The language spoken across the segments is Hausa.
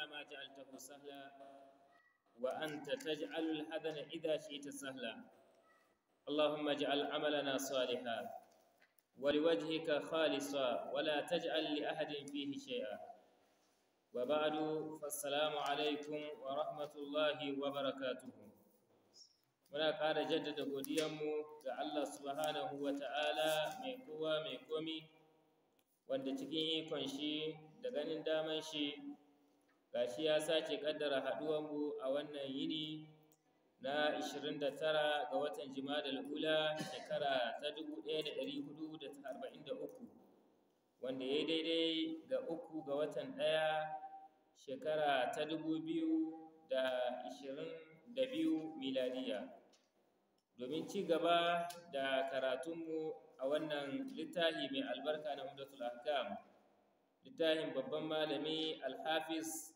إلا ما جعلته سهلا وأنت تجعل الحزن إذا شئت سهلا اللهم اجعل عملنا صالحا ولوجهك خالصا ولا تجعل لأحد فيه شيئا وبعد فالسلام عليكم ورحمة الله وبركاته muna ƙara jaddada godiyanmu ga Allah subhanahu wa ta'ala mai kowa mai komi wanda cikin ikon shi da ganin daman shi gashi ya sake kaddara mu a wannan yini na 29 ga watan Jumadal Ula shekara ta 1443 wanda ya daidai ga uku ga watan ɗaya shekara ta 2022 miladiya domin ci gaba da karatunmu a wannan littafi mai albarka na Umdatul Ahkam littafin babban malami Al-Hafiz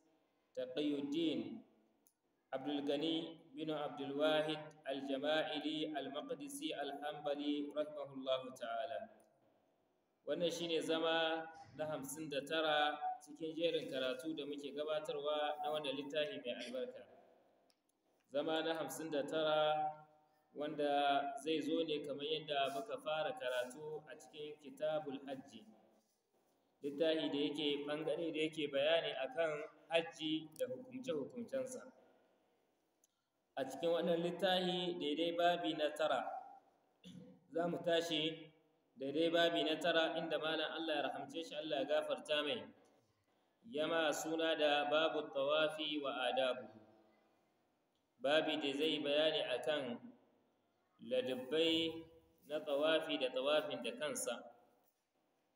taqiyuddin abdulgani bin abdulwahid aljama'ili almaqdisi alhambali rahimahullahu ta'ala wannan shine zama na hamsin da tara cikin jerin karatu da muke gabatarwa na wannan littafi mai albarka zama na hamsin da tara wanda zai zo ne kamar yadda muka fara karatu a cikin kitabul hajji littafi da yake ɓangare da yake bayani akan hajji da a cikin wannan littafi daidai babi na tara za mu tashi daidai babi na tara inda malam Allah ya rahamce shi Allah ya gafarta mai yama suna da babu tawafi wa adabu babi da zai bayani kan ladabbai na tawafi da tawafin da kansa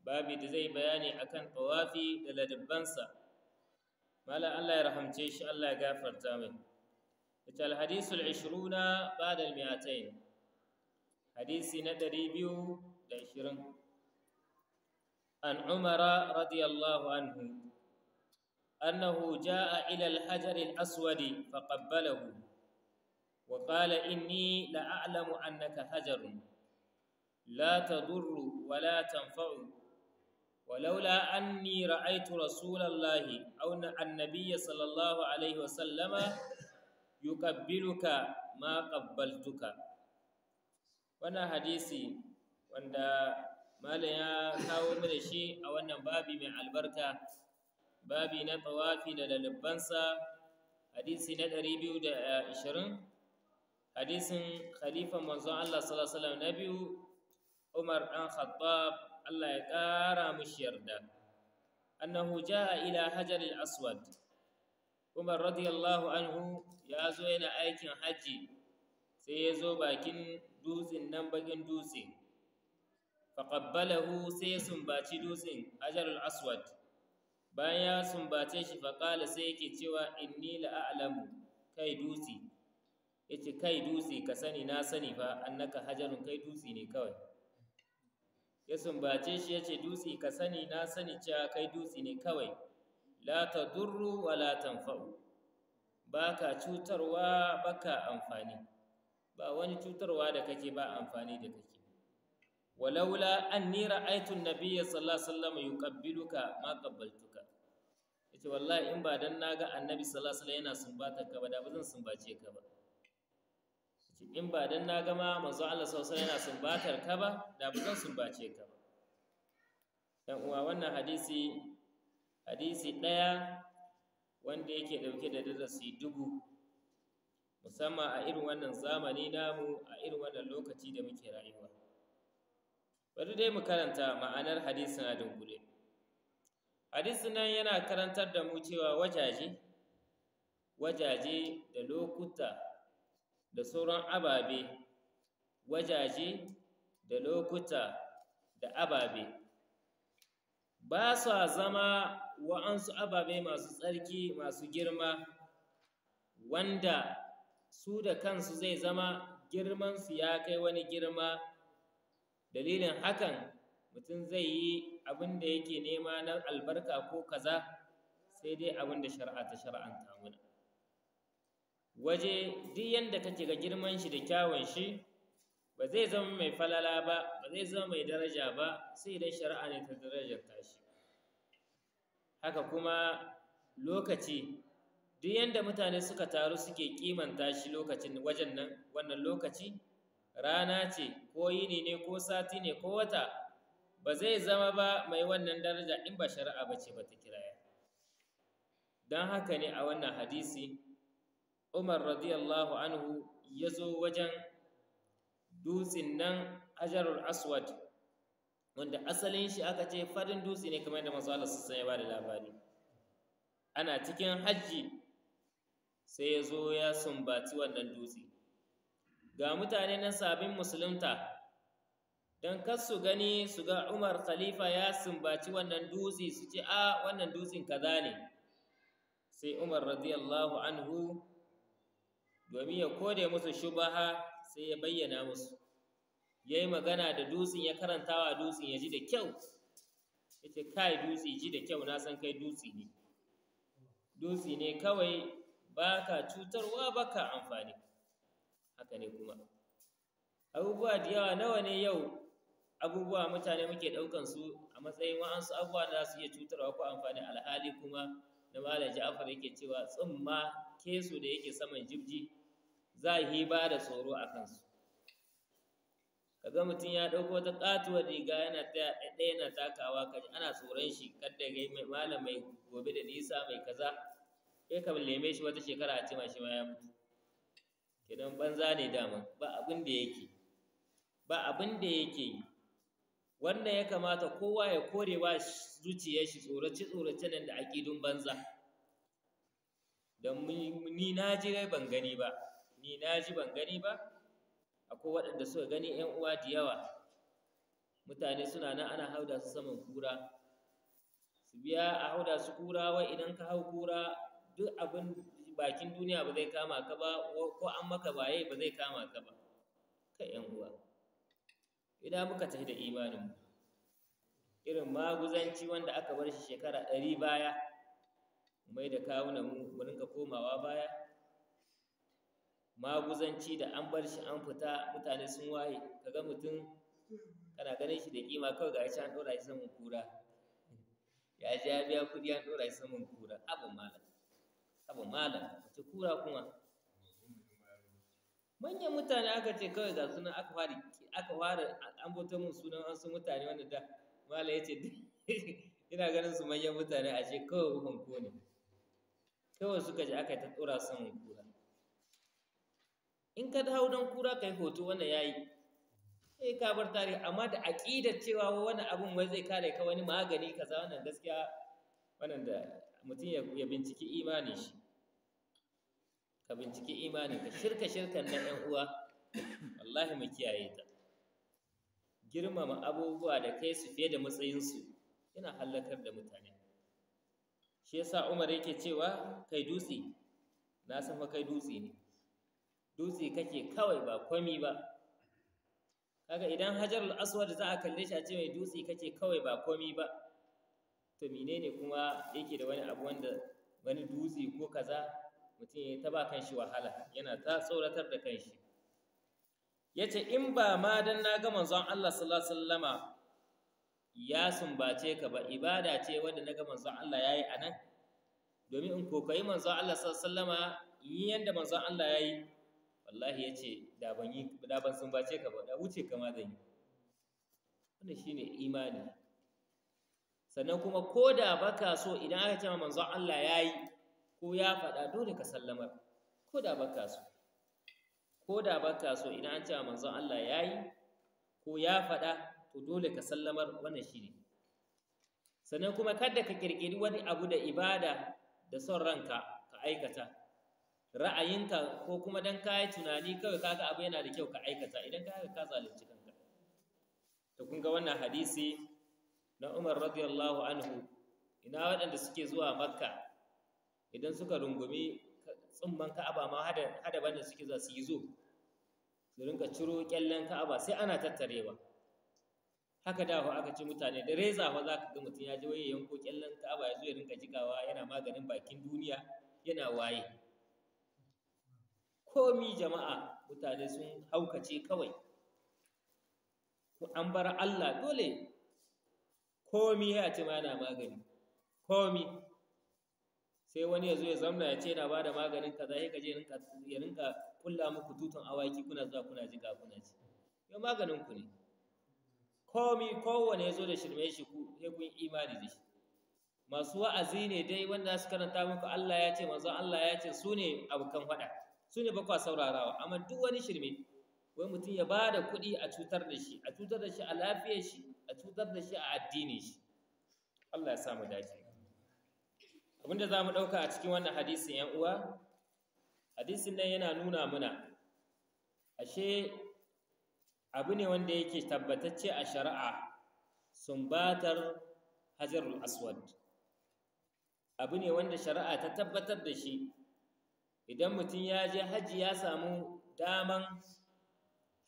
babi da zai bayani akan tawafi da ladabbansa malam Allah ya rahamce shi Allah ya gafarta mai ita alhadisu al'ishiruna ba da almiyatai hadisi na ɗari biyu da ashirin. an umara radiyallahu anhu annahu ja'a ila alhajar aswadi faqabbalahu wa qala inni a'lamu annaka hajarun la tadurru wa la tanfa'u walaula anni ra'aitu rasulallahi aw annabiyya sallallahu alaihi wasallama yuqabbiluka ma qabbaltuka wannan hadisi wanda malam ya kawo mana shi a wannan babi mai albarka babi na tawafi da lalubbansa hadisi na 220 hadisin khalifa manzon Allah sallallahu alaihi wasallam na biyu Umar dan Khattab Allah ya ƙara mushi yarda annahu a ila hajar al-aswad Umar radiyallahu anhu ya zo yana aikin hajji. sai ya zo bakin dutsen nan bakin dutse faqabbalahu sai ya sumbaci dutsen hajar al-aswad bayan ya sumbace shi faƙala sai yake cewa inni la'alamu kai dutse yace kai dutse ka sani na sani fa annaka hajarin kai dutse ne kawai ya sumbace shi ya ce dutse ka sani na sani cewa kai dutse ne kawai la ta durru wa la fa’u ba ka cutarwa ba ka amfani ba wani cutarwa da kake ba amfani da kake walaula an ra'aytu an-nabiyya sallallahu yi wasallam ka ma Ya ce wallahi in ba don na ga annabi sallallahu yana sumbata ka ba da ba zan sumbace ka ba in ba dan na gama manzo Allah sallallahu yana sumbatar ka ba da ba zan sumbace ka ba dan uwa wannan hadisi hadisi daya wanda yake dauke da darasi dubu musamman a irin wannan zamani namu a irin wannan lokaci da muke rayuwa bari dai mu karanta ma'anar hadisin a dunkule hadisin nan yana karantar da mu cewa wajaje wajaje da lokuta da sauran ababe wajaje da lokuta da ababe ba sa zama wa'ansu ababe masu tsarki masu girma wanda su da kansu zai zama girman su ya kai wani girma dalilin hakan mutum zai yi abin da yake nema na albarka ko kaza sai dai abin da shari'a ta shar'anta mana waje duk yanda kake ga girman shi da kyawun shi ba zai zama mai falala ba ba zai zama mai daraja ba sai idan shari'a ne ta darajar tashi. haka kuma lokaci duk yanda mutane suka taru suke kimanta shi lokacin wajen nan wannan lokaci rana ce ko yini ne ko sati ne ko wata ba zai zama ba mai wannan daraja in ba shari'a ba ce ba ta kiraya don haka ne a wannan hadisi umar radiyallahu anhu ya zo wajen dutsen nan hajarul aswad wanda asalin shi aka ce farin dutse ne kamar da masu Allah ba da labari ana cikin hajji sai ya zo ya sumbaci wannan dutse ga mutane nan sabin musulunta dan kar su gani su ga umar khalifa ya sumbaci wannan dutse su ce a ah, wannan dutsen kaza ne sai umar radiyallahu anhu domin ya ya musu shubaha sai ya bayyana musu ya yi magana da dutsen ya karantawa dutsen ya ji da kyau ya ce kai dutsi, ji da kyau na san kai dutsi ne Dutsi ne kawai ba ka cutarwa ba ka amfani haka ne kuma abubuwa da yawa nawa ne yau abubuwa mutane muke ɗaukan su a matsayin wa'ansu abubuwa da su iya cutarwa ko amfani alhali kuma na malam ja'afar yake cewa tsumma kesu da yake saman jibji za yi ba da tsoro a kansu kaga mutum ya ɗauko wata ƙatuwar riga yana ta ɗaya yana takawa ji ana tsoron shi kadda ga mai malam mai gobe da nisa mai kaza kai ka leme shi wata shekara a cima shi ma ya mutu kenan banza ne dama ba abin da yake ba abin da yake yi wannan ya kamata kowa ya kore wa zuciyar shi tsorace tsorace nan da aƙidun banza don ni na ji ban gani ba ni na ji ban gani ba akwai waɗanda suka gani ‘yan uwa da yawa mutane suna nan ana hauda su saman kura su biya a hauda su kura wai idan ka hau kura duk abin bakin duniya ba zai kama ka ba ko an maka baye ba zai kama ka ba ka ‘yan uwa idan muka tafi da imaninmu irin maguzanci wanda aka bar shi shekara ɗari baya mai da kawunan mu rinka komawa baya maguzanci da an bar shi an fita mutane sun waye kaga mutum kana ganin shi da kima kawai ga shi an ɗora shi saman kura ya ji ya biya kuɗi an ɗora shi saman kura Abu malam abu malam wace kura kuma manyan mutane aka ce kawai ga sunan aka fara aka fara an bauta mun sunan an sun mutane wanda da malam ya ce ina ganin su manyan mutane a ce kawai hukunku ne kawai suka ji aka ta ɗora saman kura in ka hau don kura ka yi hoto ya yi. sai eh, ka bar tarihi amma da aqidar cewa wani abun wai zai kare ka wani magani kaza wannan gaskiya wannan da mutum ya binciki imanin shi ka binciki imanin ka shirka shirkan na ɗan uwa wallahi mu kiyaye ta girmama abubuwa da kai su fiye da matsayinsu yana hallakar da mutane shi yasa Umar yake cewa kai dutse na san fa kai dutse ne dutse kake kawai ba komi ba kaga idan hajarul aswad za a kalle shi a ce mai dutse kake kawai ba komi ba to menene kuma yake da wani abu wanda wani dutse ko kaza mutum ya ta kan shi wahala yana ta tsoratar da kan Ya yace in ba ma dan na ga manzon Allah sallallahu alaihi wasallam ya sumbace ka ba ibada ce wanda na ga manzon Allah yayi anan domin in kokayi manzon Allah sallallahu alaihi wasallam yin yanda manzon Allah yayi wallahi ya ce da ban yi da ban sumbace ka ba da wuce ka ma wanda yi wannan imani sannan kuma ko da baka so idan aka cewa manzon Allah ya yi ko ya faɗa dole ka sallamar ko da baka so ko da baka so idan an cewa manzon Allah ya yi ko ya faɗa to dole ka sallamar wannan shi ne. sannan kuma kada ka kirkiri wani abu da ibada da son ranka ka aikata ra'ayinka ko kuma dan yi tunani kawai kaga abu yana da kyau ka aikata idan ka yi ka zalunci kanka to kun ga wannan hadisi na Umar radiyallahu anhu ina waɗanda suke zuwa Makka idan suka rungumi tsumban Ka'aba ma hada hada banda suke za su yi zo su rinka ciro kyallen Ka'aba sai ana tattarewa haka da ho aka ci mutane da reza fa za ka ga mutum ya je waye yanko kyallen Ka'aba ya zo ya rinka jikawa yana maganin bakin duniya yana waye komi jama'a mutane sun haukace kawai an bar Allah dole komi ya ce ma yana magani komi sai wani ya zo ya zamna ya ce na ba da maganin kaza sai ka je ya rinka kulla muku tutun awaki kuna zuwa kuna ji ga kuna ji yau maganin ku ne komi kowane ya zo da shirme shi ku sai imani da shi masu wa'azi ne dai wanda su karanta muku Allah ya ce manzon Allah ya ce su ne abokan faɗa su ne bakwa saurarawa amma duk wani shirme wai mutum ya ba da kuɗi a cutar da shi a cutar da shi a lafiyar shi a cutar da shi a addini shi Allah ya samu dace abinda za mu ɗauka a cikin wannan hadisin yan uwa hadisin nan yana nuna muna ashe abu ne wanda yake tabbatacce a shari'a sumbatar hajarul aswad abu ne wanda shari'a ta tabbatar da shi idan mutum ya je hajji ya samu daman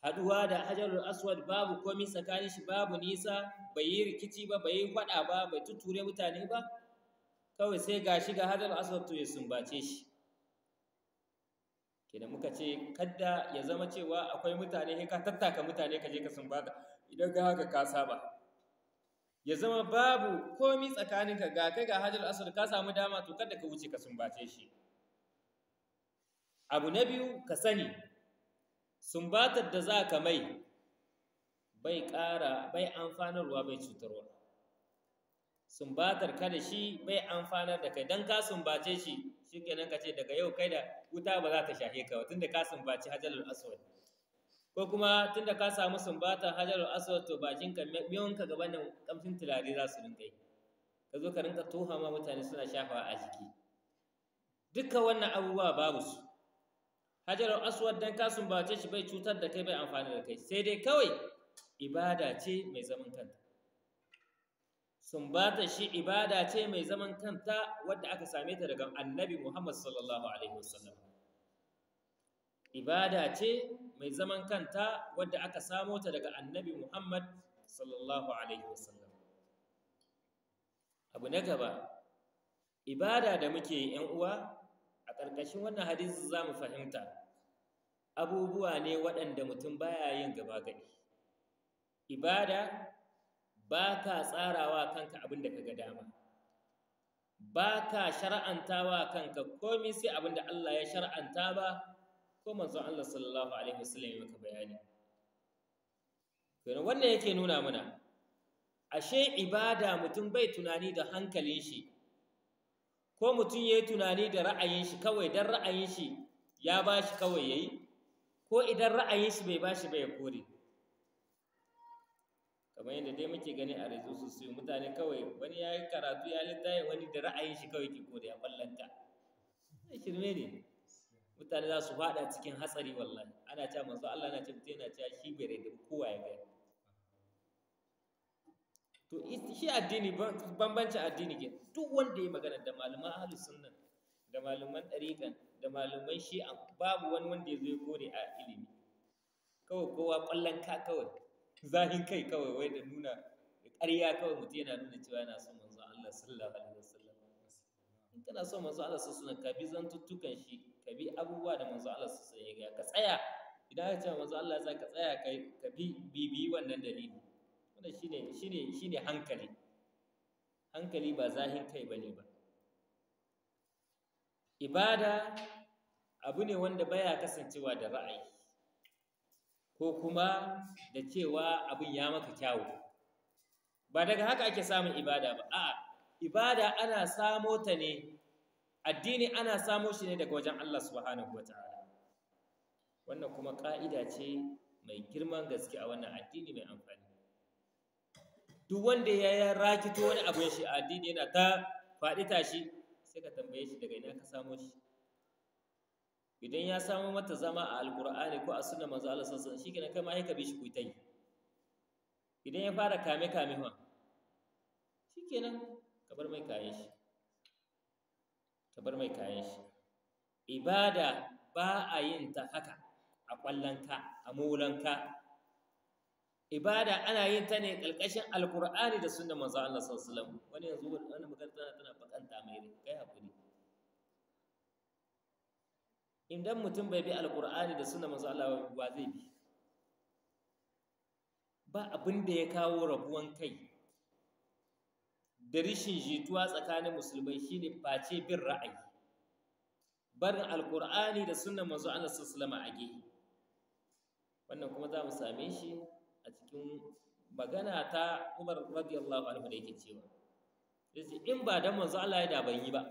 haduwa da hajjar aswad babu komi tsakanin shi babu nisa bai yi rikici ba bai yi kwada ba bai tuture mutane ba kawai sai ga shi ga hajjar aswad to ya sumbace shi kenan muka ce kadda ya zama cewa akwai mutane ka tattaka mutane ka je ka sumbata idan ga haka ka saba ya zama babu komi tsakaninka ga kai ga hajjar aswad ka samu dama to kadda ka wuce ka sumbace shi abu na biyu ka sani sumbatar da za ka mai bai ƙara bai amfanarwa bai cutarwa sumbatar ka da shi bai amfanar da kai don ka sumbace shi shi kenan ka ce daga yau kai da wuta ba za ta shahe ka tunda ka sumbaci hajjalar aswad ko kuma tunda ka samu sumbatar hajjalar aswad to bakinka miyonka gaban nan kamshin turare za su rinka yi ka zo ka rinka tuhama mutane suna shafawa a jiki duka wannan abubuwa babu su hajarar aswad dan ka sumbace shi bai cutar da kai bai amfani da kai sai dai kawai ibada ce mai zaman kanta sumbata shi ibada ce mai zaman kanta wadda aka same ta daga annabi Muhammad sallallahu alaihi wasallam ibada ce mai zaman kanta wadda aka samo ta daga annabi Muhammad sallallahu alaihi wasallam abu na gaba ibada da muke yan uwa a ƙarƙashin wannan hadisi za mu fahimta abubuwa ne waɗanda mutum baya yin gaba gari. ibada ba ka tsarawa kanka abin da ka ga dama ba ka shara'anta wa kanka komi sai abin da Allah ya shara'anta ba ko manzo Allah sallallahu alaihi wasallam ya maka bayani kenan wannan yake nuna mana ashe ibada mutum bai tunani da hankalin shi ko mutum ya yi tunani da ra'ayin shi kawai don ra'ayin shi ya bashi kawai ya yi ko idan ra'ayi shi bai bashi ba ya kore kamar yadda dai muke gani a su sosai mutane kawai wani ya yi karatu ya littaye wani da ra'ayin shi kawai ke kore a ballanta shirme ne mutane za su fada cikin hatsari wallahi ana cewa manzo Allah na ce mutum yana cewa shi bai rai da kowa ya gani to shi addini bambancin addini ke duk wanda ya magana da malaman ahlus sunna da malaman ɗariƙan da malamai shi babu wani wanda ya zo ya a ilimi kawai kowa ƙwallon ka kawai zahin kai kawai wai da nuna da ƙarya kawai mutum yana nuna cewa yana son manzon Allah sallallahu alaihi wasallam in kana son manzon Allah sallallahu alaihi wasallam ka bi zantuttukan shi ka bi abubuwa da manzon Allah sallallahu alaihi wasallam ka tsaya idan aka ce manzon Allah za ka tsaya kai, ka bi bibi wannan dalili wannan shine shine shine hankali hankali ba zahin kai bane ba ibada abu ne wanda baya kasancewa da ra'ayi ko kuma da cewa abin ya maka kyawu ba daga haka ake samun ibada ba a'a ibada ana samo ta ne addini ana samo shi ne daga wajen Allah subhanahu wataala wannan kuma ƙa'ida ce mai girman gaske a wannan addini mai amfani duk wanda ya rakito wani ya shi addini yana ta faɗi tashi sai ka tambaye shi daga ina ka samo shi idan ya samo mata zama a alkur'ani ko a sunan manzo Allah sallallahu alaihi wasallam shikenan kai ma sai ka bi shi ku tai idan ya fara kame kame fa shikenan ka bar mai kayan shi ka bar mai kayan shi ibada ba a yin ta haka a kwallanka a mulanka ibada ana yin ta ne ƙarƙashin alkur'ani da sunna manzo Allah sallallahu alaihi wasallam wani yanzu wani magana tana tana bakanta mai rai kai hakuri idan mutum bai bi alkur'ani da sunna manzo Allah ba zai bi ba abin da ya kawo rabuwan kai da rishin jituwa tsakanin musulmai shine face bin ra'ayi barin alkur'ani da sunna manzo Allah sallallahu alaihi wasallam a gehe wannan kuma za mu same shi a cikin magana ta Umar radiyallahu anhu da yake cewa yace in ba dan manzo Allah ya da ban yi ba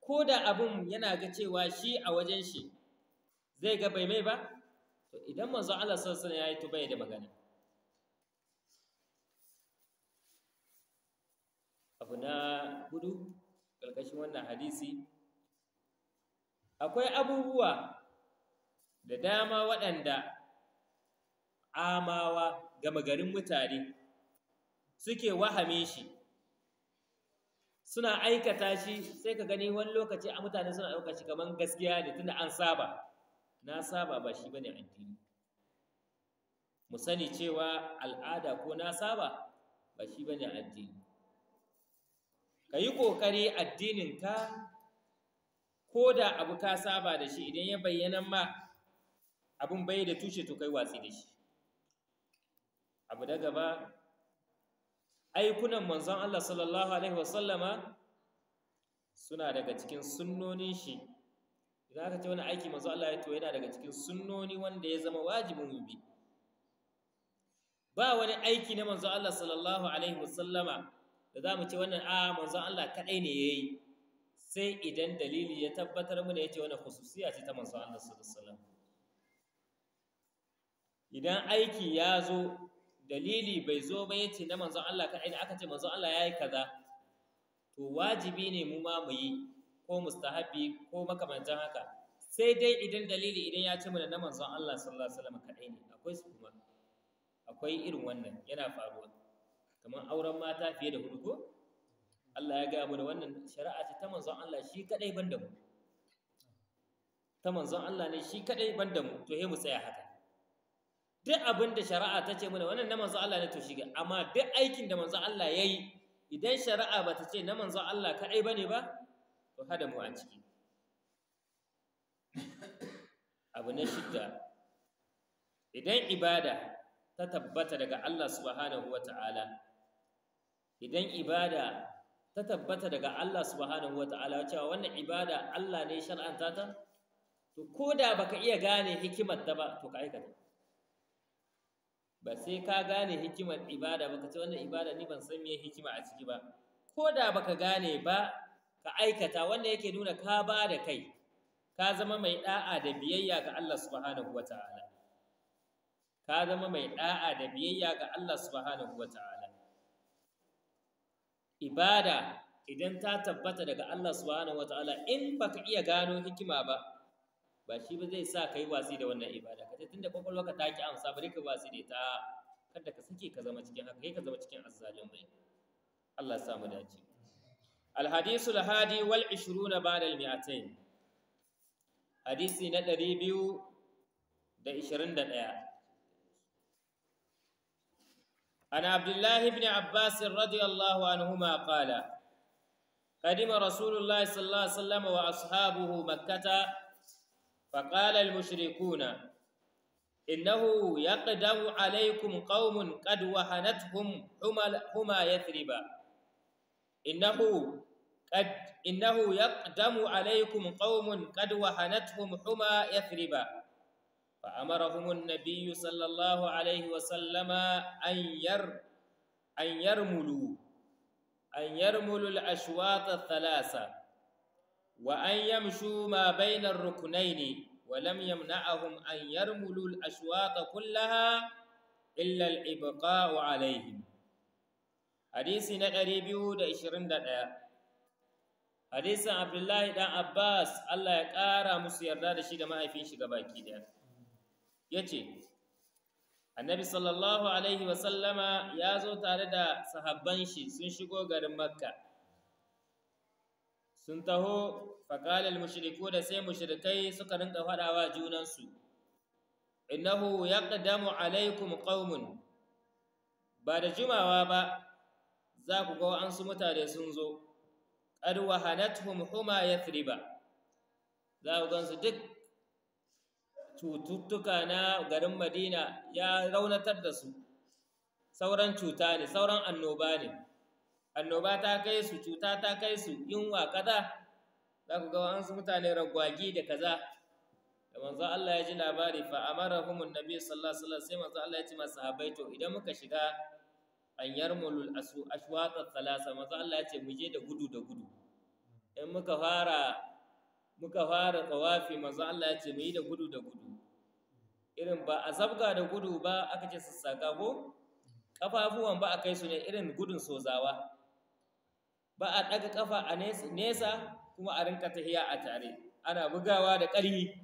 ko da abun yana ga cewa shi a wajen shi zai ga bai mai ba to idan manzo Allah sallallahu alaihi wasallam yayi bai da magana abu na gudu karkashin wannan hadisi akwai abubuwa da dama waɗanda amawa gama garin mutane suke wahame shi suna aikata shi sai ka gani wani lokaci a mutane suna ɗauka shi kamar gaskiya ne tunda an saba na saba ba shi bane addini mu sani cewa al'ada ko na saba ba shi bane addini ka yi ƙoƙari addininka ko da abu ka saba da shi idan ya bayyana ma abin bai da tushe to kai watsi da shi abu da gaba aikunan manzon Allah sallallahu alaihi wasallama suna daga cikin sunnonin shi Za ka ce wani aiki manzon Allah ya to yana daga cikin sunnoni wanda ya zama wajibin mubi ba wani aiki na manzon Allah sallallahu alaihi wasallama da za mu ce wannan a manzon Allah kadai ne ya yi, sai idan dalili ya tabbatar mana ce wani khususiya ce ta manzon Allah sallallahu alaihi wasallama idan aiki ya zo dalili bai zo ba yace na manzon Allah ka aini aka ce manzon Allah yayi kaza to wajibi ne mu ma mu yi ko mustahabi ko makamantan haka sai dai idan dalili idan ya ce mana na manzon Allah sallallahu alaihi wasallam kadai ne akwai su kuma akwai irin wannan yana faruwa kamar auren mata fiye da hudu ko Allah ya gaya da wannan shari'a ce ta manzon Allah shi kadai banda mu ta manzon Allah ne shi kadai banda mu to he mu tsaya haka duk abin da shari'a ta ce mana wannan na manzo Allah ne to shiga amma duk aikin da manzo Allah ya yi idan shari'a ba ta ce na manzo Allah kaɗai ba ne ba to hada mu a ciki abu na shidda idan ibada ta tabbata daga Allah subhanahu wa ta'ala idan ibada ta tabbata daga Allah subhanahu wa ta'ala cewa wannan ibada Allah ne shar'anta ta to ko da baka iya gane hikimar ta ba to ka aikata ba sai ka gane hikimar ibada ba ka ce wannan ibada ni ban san me hikima a ciki ba ko da baka gane ba ka aikata wanda yake nuna ka ba da kai ka zama mai da'a da biyayya ga Allah subhanahu wata'ala ka zama mai da'a da biyayya ga Allah subhanahu wata'ala ibada idan ta tabbata daga Allah subhanahu wata'ala in baka iya gano hikima ba ba shi ba zai sa ka yi watsi da wannan ibada ka ce tunda kwakwalwarka ta ki amsa bari ka watsi da ita kada ka sake ka zama cikin haka kai ka zama cikin azzalimai Allah ya samu dace Alhadisu الهادي wal بعد المئتين حديثي ندري بيو دا إشرين دا عن عبد الله بن عباس رضي الله عنهما قدم رسول الله صلى الله عليه وسلم وأصحابه مكة فقال المشركون إنه يقدم عليكم قوم قد وهنتهم هما يثرب إنه قد إنه يقدم عليكم قوم قد وهنتهم حمى يثرب فأمرهم النبي صلى الله عليه وسلم أن ير أن يرملوا أن يرملوا الأشواط الثلاثة wa an yamshu ma bainar rukunaini wa lam yamna'ahum an yarmulu al-ashwaqa kullaha illa al-ibqa'u alaihim hadisi na 221 hadisin abdullahi dan abbas Allah ya ƙara musu yarda da shi da mahaifin shi gabaki Ya ce. annabi sallallahu alaihi wasallama ya zo tare da sahabban shi sun shigo garin makka sun taho faƙalar mushiriku da sai mushirikai suka rinka faɗawa junansu innahu ya ƙaddamu alaikum ƙaunin. ba da jimawa ba za ku ga su mutane sun zo ƙad wahanathum huma yathriba za ku gansu duk cututtuka na garin madina ya raunatar da su sauran cuta ne sauran annoba ne annoba ta kai su cuta ta kai su yunwa kaza za ku ga wasu mutane ragwagi da kaza da manzo Allah ya ji labari fa amarahum annabi sallallahu alaihi wasallam sai manzo Allah ya ce masa sahabbai to idan muka shiga an yarmulul asu ashwaqa thalatha manzo Allah ya ce mu je da gudu da gudu in muka fara muka fara tawafi manzo Allah ya ce mu yi da gudu da gudu irin ba a zabga da gudu ba aka ce sassaka ko kafafuwan ba a kai su ne irin gudun sozawa ba a ɗaga ƙafa a nesa kuma a rinka tahiya a tare ana bugawa da ƙarfi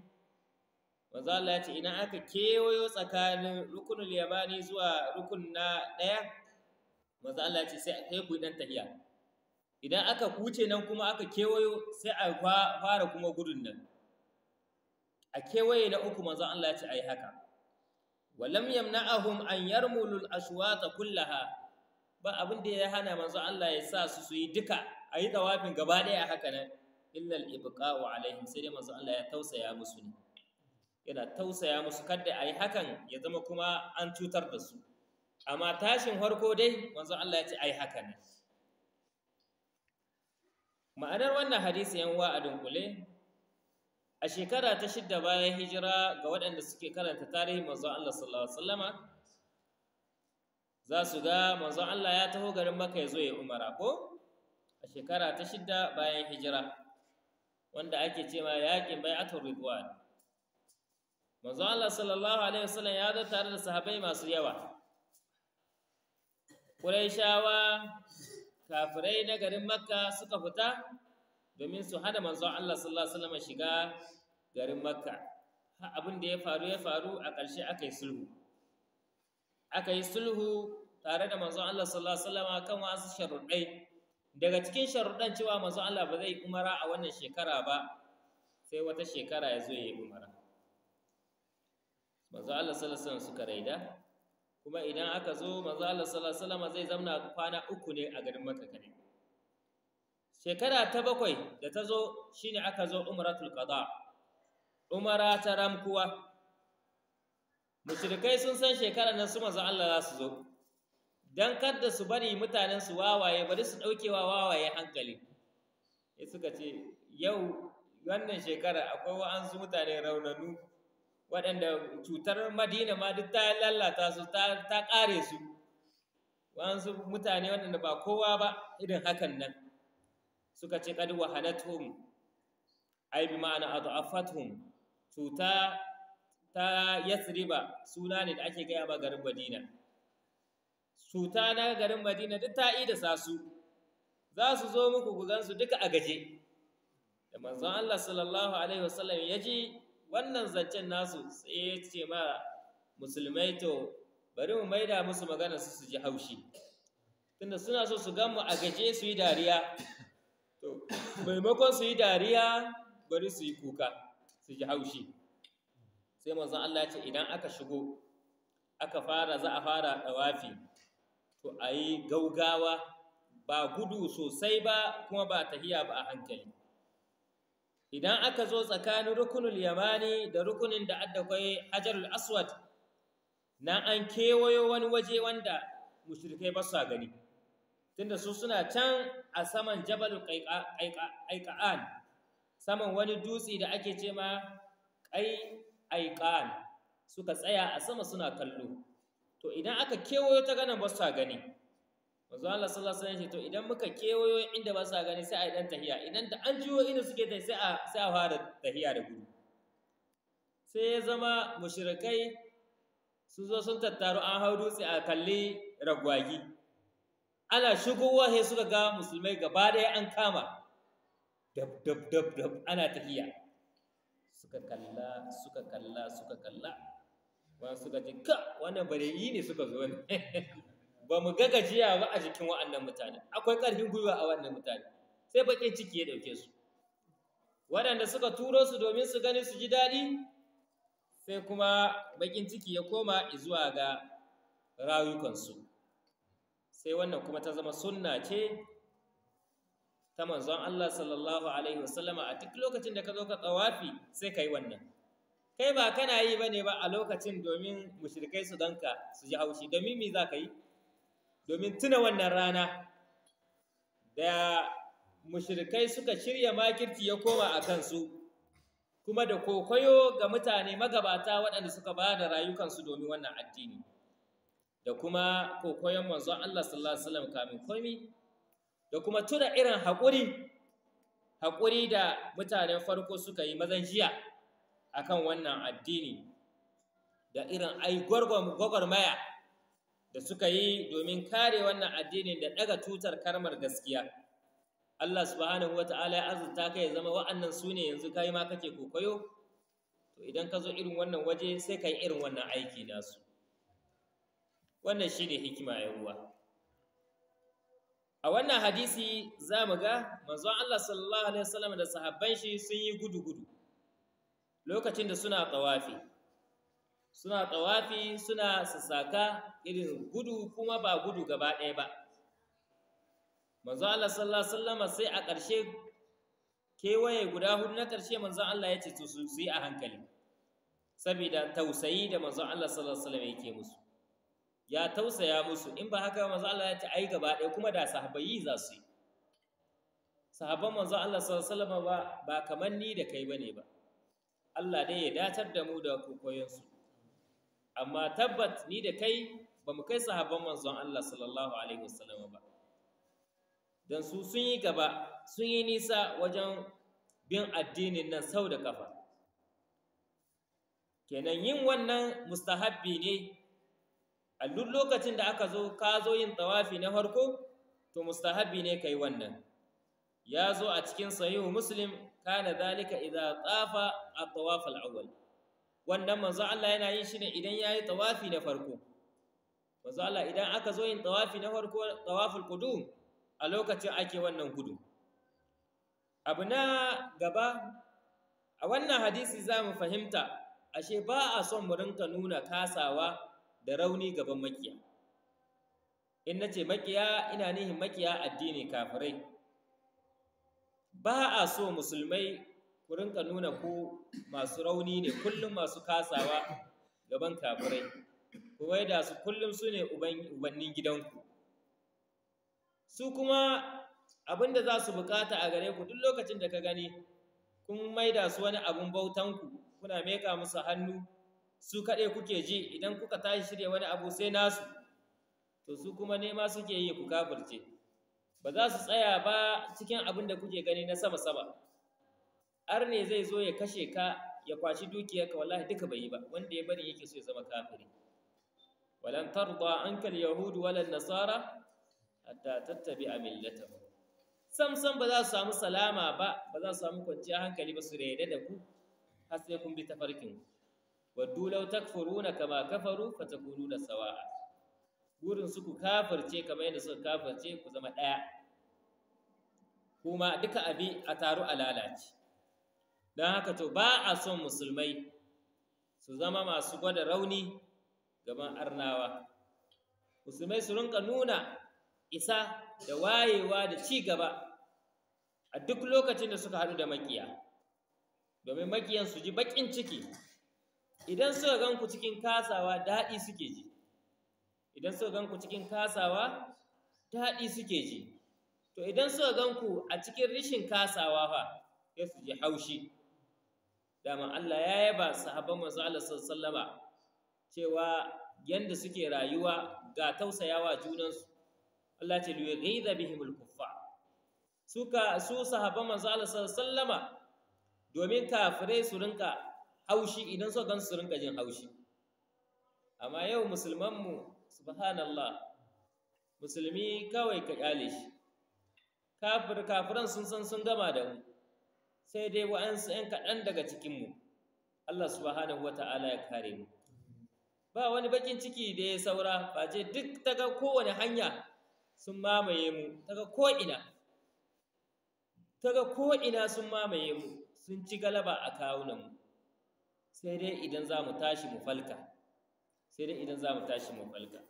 wanzu Allah ya ce ina aka kewayo tsakanin rukunin yamani zuwa rukun na ɗaya wanzu Allah ya ce sai a ku dan tahiya idan aka kuce nan kuma aka kewayo sai a fara kuma gudun nan a kewaye na uku manzo Allah ya ce yi haka walam yamna'ahum an yarmulul aswata kullaha ba abin da ya hana manzo Allah ya sa su su yi duka a yi tsawafin gaba ɗaya haka nan illal ibqa'u alaihim sai dai manzo Allah ya tausaya musu ne yana tausaya musu kada a yi hakan ya zama kuma an cutar da su amma tashin farko dai manzo Allah ya ce ai haka ne ma'anar wannan hadisi yan wa a dunkule a shekara ta shidda bayan hijira ga waɗanda suke karanta tarihin manzo Allah sallallahu alaihi wasallama za su ga manzon Allah ya taho garin Makka ya zo ya umara ko a shekara ta shidda bayan hijira wanda ake cewa yaƙin bai'atul ridwan manzon Allah sallallahu alaihi wasallam ya zo tare da sahabbai masu yawa Quraishawa kafirai na garin Makka suka fita domin su hada manzon Allah sallallahu alaihi wasallam shiga garin Makka abin da ya faru ya faru a ƙarshe aka yi sulhu aka yi sulhu tare da manzon Allah sallallahu alaihi wasallam kan wasu sharuɗai daga cikin sharuɗan cewa manzon Allah ba zai umara a wannan shekara ba sai wata shekara ya zo ya yi umara manzon Allah sallallahu alaihi wasallam suka raida kuma idan aka zo manzon Allah sallallahu alaihi wasallam zai zamna kwana uku ne a garin Makka kare shekara ta bakwai da ta zo shine aka zo umratul qada umara ta ramkuwa mushrikai sun san shekarar nan su manzo Allah za su zo dan kada su bari mutanen su wawaye bari su daukewa wawaye hankali sai suka ce yau wannan shekara akwai wa'ansu mutane raunanu waɗanda cutar madina ma duk ta lalata su ta ƙare su wa'ansu mutane waɗanda ba kowa ba irin hakan nan suka ce kad wahalathum ai bi ma'ana adhafatuhum cuta ta Yathriba suna ne da ake gaya ma garin Madina Suta na garin Madina duk ta yi da sasu za su zo muku gugansu duka a gaje da manzon Allah sallallahu alaihi wasallam ya ji wannan zancen nasu sai ya ce ma musulmai to bari mu maida musu magana su su ji haushi tunda suna so su gan mu a gaje su yi dariya to maimakon su yi dariya bari su yi kuka su ji haushi sai manzo Allah ce idan aka shigo aka fara za a fara dawafi to ayi gaugawa ba gudu sosai ba kuma ba tahiya ba a hankali idan aka zo tsakanin rukunul yamani da rukunin da addakwai hajarul aswad na an kewayo wani waje wanda mushrikai ba sa gani tunda su suna can a saman jabal qaiqa'an saman wani dutse da ake cewa ƙai. aikan suka tsaya a sama suna kallo to idan aka kewayo ta ganin ba su gani manzo Allah sallallahu alaihi wasallam to idan muka kewayo inda ba su gani sai a yi dan tahiya idan da an jiwo inda suke tai sai a sai a fara tahiya da gudu sai ya zama mushrikai su zo sun tattaru an hau dutse a kalli ragwagi ana shigowa sai suka ga musulmai gaba ɗaya an kama dab dab dab dab ana tahiya suka kalla suka kalla suka kalla ba suka ce ka wannan bareyi ne suka zo ne ba mu ga gajiya ba a jikin wa'annan mutane akwai ƙarfin gwiwa a wannan mutane sai bakin ciki ya ɗauke su waɗanda suka turo su domin su gani su ji daɗi sai kuma baƙin ciki ya koma zuwa ga rayukansu sai wannan kuma ta zama sunna ce ta manzon Allah sallallahu alaihi wasallama a duk lokacin da ka zo ka tsawafi sai ka yi wannan kai ba kana yi bane ba a lokacin domin mushrikai su danka su ji haushi domin me za ka yi domin tuna wannan rana da mushrikai suka shirya makirci ya koma a kansu kuma da kokoyo ga mutane magabata waɗanda suka ba da rayukansu domin wannan addini da kuma kokoyon manzon Allah sallallahu alaihi wasallam kamin komi da kuma tuna irin haƙuri haƙuri da mutanen farko suka yi mazan jiya akan wannan addini da irin ai gwagwarmaya da suka yi domin kare wannan addinin da ɗaga tutar karmar gaskiya Allah subhanahu wa ta'ala ya arzuta ka ya zama wa'annan su ne yanzu kai ma kake kokoyo to idan ka zo irin wannan waje sai ka yi irin wannan aiki nasu wannan shi ne hikima ya ruwa a wannan hadisi za mu ga manzon Allah sallallahu alaihi wasallam da sahabban shi sun yi gudu-gudu lokacin da suna tawafi suna tawafi suna sassaka irin gudu kuma ba gudu gaba ɗaya ba manzon Allah sallallahu alaihi wasallam sai a ƙarshe kewaye guda hudu na ƙarshe manzon Allah ya ce su yi a hankali saboda tausayi da manzon Allah sallallahu alaihi wasallam yake musu ya tausaya musu in ba haka manzo Allah ya ce ai gaba ɗaya kuma da sahabbai za su yi sahabban manzo Allah sallallahu alaihi wasallam ba kamar kaman ni da kai bane ba Allah dai ya datar da mu da kokoyen su amma tabbat ni da kai ba mu kai sahabban manzo Allah sallallahu alaihi wasallam ba dan su sun yi gaba sun yi nisa wajen bin addinin nan sau da kafa kenan yin wannan mustahabbi ne a duk lokacin da aka zo ka zo yin tawafi na farko to mustahabi ne kai wannan ya zo a cikin sahihu muslim kana zalika idza tafa at-tawaf al-awwal wannan manzo Allah yana yin shi ne idan yayi tawafi na farko manzo Allah idan aka zo yin tawafi na farko tawaful qudum a lokacin ake wannan gudu abu na gaba a wannan hadisi za mu fahimta ashe ba a son mu rinka nuna kasawa da rauni gaban makiya in na ce makiya ina nihin makiya addini kafirai ba a so musulmai ku rinka nuna ku masu rauni ne kullum masu kasawa gaban kafirai ku da su kullum su ne ubannin gidanku su kuma abinda za su bukata a gare ku duk lokacin da ka gani kun maida su wani abun bautanku kuna meka musu hannu su kaɗai kuke ji idan kuka tashi shirya wani abu sai nasu to su kuma nema suke yi ku kafirce ba za su tsaya ba cikin abin da kuke gani na sama-sama ar ne zai zo ya kashe ka ya kwaci dukiyarka wallahi duka bai yi ba wanda ya bari yake so ya zama kafiri walan tarda ankal yahudu walan nasara hatta tattabi millatahum sam sam ba za su samu salama ba ba za su samu kwanciyar hankali ba su raida da ku har sai kun bi tafarkin ku waddu law takfuruna kama kafaru fatakununa sawa'a burin suku ku kafirce kamar yadda suka kafirce ku zama daya kuma duka abi a taru a lalace don haka to ba a son musulmai su zama masu gwada rauni gaban arnawa musulmai su rinka nuna isa da wayewa da ci gaba a duk lokacin da suka haɗu da makiya domin makiyan su ji baƙin ciki idan suka ku cikin kasawa daɗi suke ji idan suka ku cikin kasawa daɗi suke ji to idan suka gan ku a cikin rishin kasawa fa sai su ji haushi dama Allah ya yaba sahabban manzo Allah sallallahu cewa yanda suke rayuwa ga tausayawa junansu Allah ce liyughiza bihimul kuffa suka su sahabban manzo Allah sallallahu domin kafirai su rinka haushi idan so gan su rinka jin haushi amma yau musulmanmu subhanallah musulmi kawai ka kyale shi kafir kafiran sun san sun gama da mu sai dai wa'ansu 'yan kaɗan daga cikinmu Allah subhanahu wa ya kare mu ba wani bakin ciki da ya saura je duk ta ga kowane hanya sun mamaye mu ta ga ko'ina ta ga ko'ina sun mamaye mu sun ci galaba a kawunanmu sai dai idan za mu tashi mu falka sai dai idan za mu tashi mu falka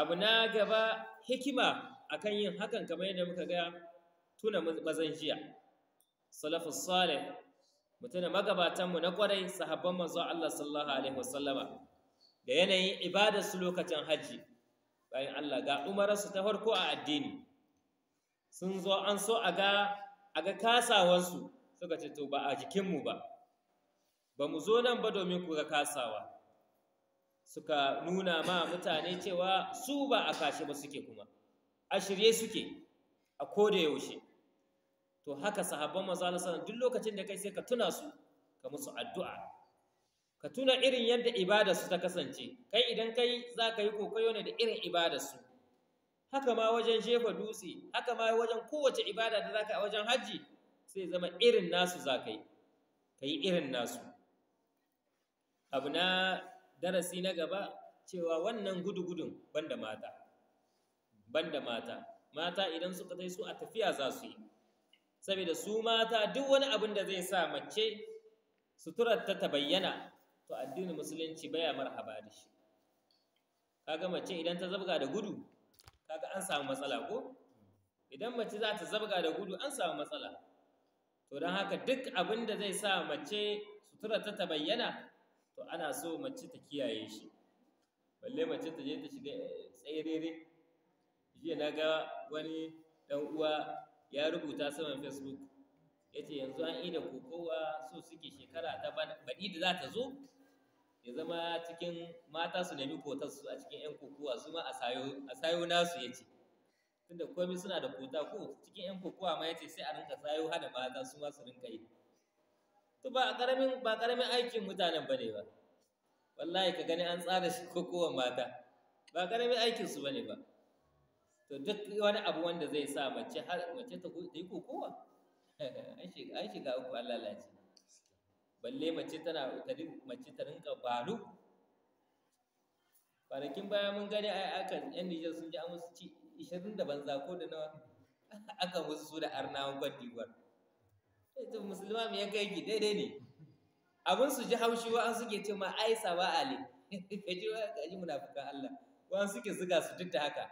abu na gaba hikima akan yin hakan kamar yadda muka ga tuna mazan jiya salafus salih mutuna magabatanmu na kwarai sahabban manzo Allah sallallahu alaihi wasallama da yanayin ibadar su lokacin haji bayan Allah ga umararsu ta farko a addini sun zo an so a ga a ga kasawansu suka ce to ba a jikinmu ba ba mu zo nan ba domin ku ga kasawa suka nuna ma mutane cewa su ba a kashe ba suke kuma a shirye suke a koda yaushe to haka sahabban maza Allah duk lokacin da kai sai ka tuna su ka musu addu'a ka tuna irin yadda ibada su ta kasance kai idan kai za ka yi kokayo ne da irin ibadarsu su haka ma wajen jefa dutse haka ma wajen kowace ibada da zaka a wajen hajji sai zama irin nasu za ka yi ka yi irin nasu abu na darasi na gaba cewa wannan gudu-gudun banda mata banda mata mata idan suka tai su a tafiya za su yi saboda su mata duk wani abin da zai sa mace suturar ta ta bayyana to addinin musulunci baya marhaba da shi kaga mace idan ta zabga da gudu kaga an samu matsala ko idan mace za ta zabga da gudu an samu matsala to don haka duk abin da zai sa mace suturar ta ta bayyana to ana so mace ta kiyaye shi balle mace ta je ta shiga eh, tsayirere jiya na ga wani dan uwa ya rubuta saman facebook ya ce yanzu an ida kokowa so suke shekara ta baɗi da za ta zo ya zama cikin mata su nemi kotarsu a cikin 'yan kokowa su ma a sayo nasu yace. ce tunda komai suna da kota ko cikin 'yan kokowa ma ya ce sai a rinka sayo hada mata su ma su rinka yi to ba ƙaramin ba karamin aikin mutanen bane ba wallahi ka gani an tsara shi ko kowa mata ba ƙaramin aikin su bane ba to duk wani abu wanda zai sa mace har mace ta yi kokowa an shiga an ga uku an lalace balle mace tana ta mace ta rinka balo kwanakin baya mun gani ai aka yan Nijar sun ji an musu ci 20 da banza ko da nawa aka musu su da arnawa Cote d'Ivoire musulma me ya kai ki daidai ne abin su ji haushi wa an suke ce ma ai sawa ali kaji wa kaji munafikan Allah wa suke zuga su duk da haka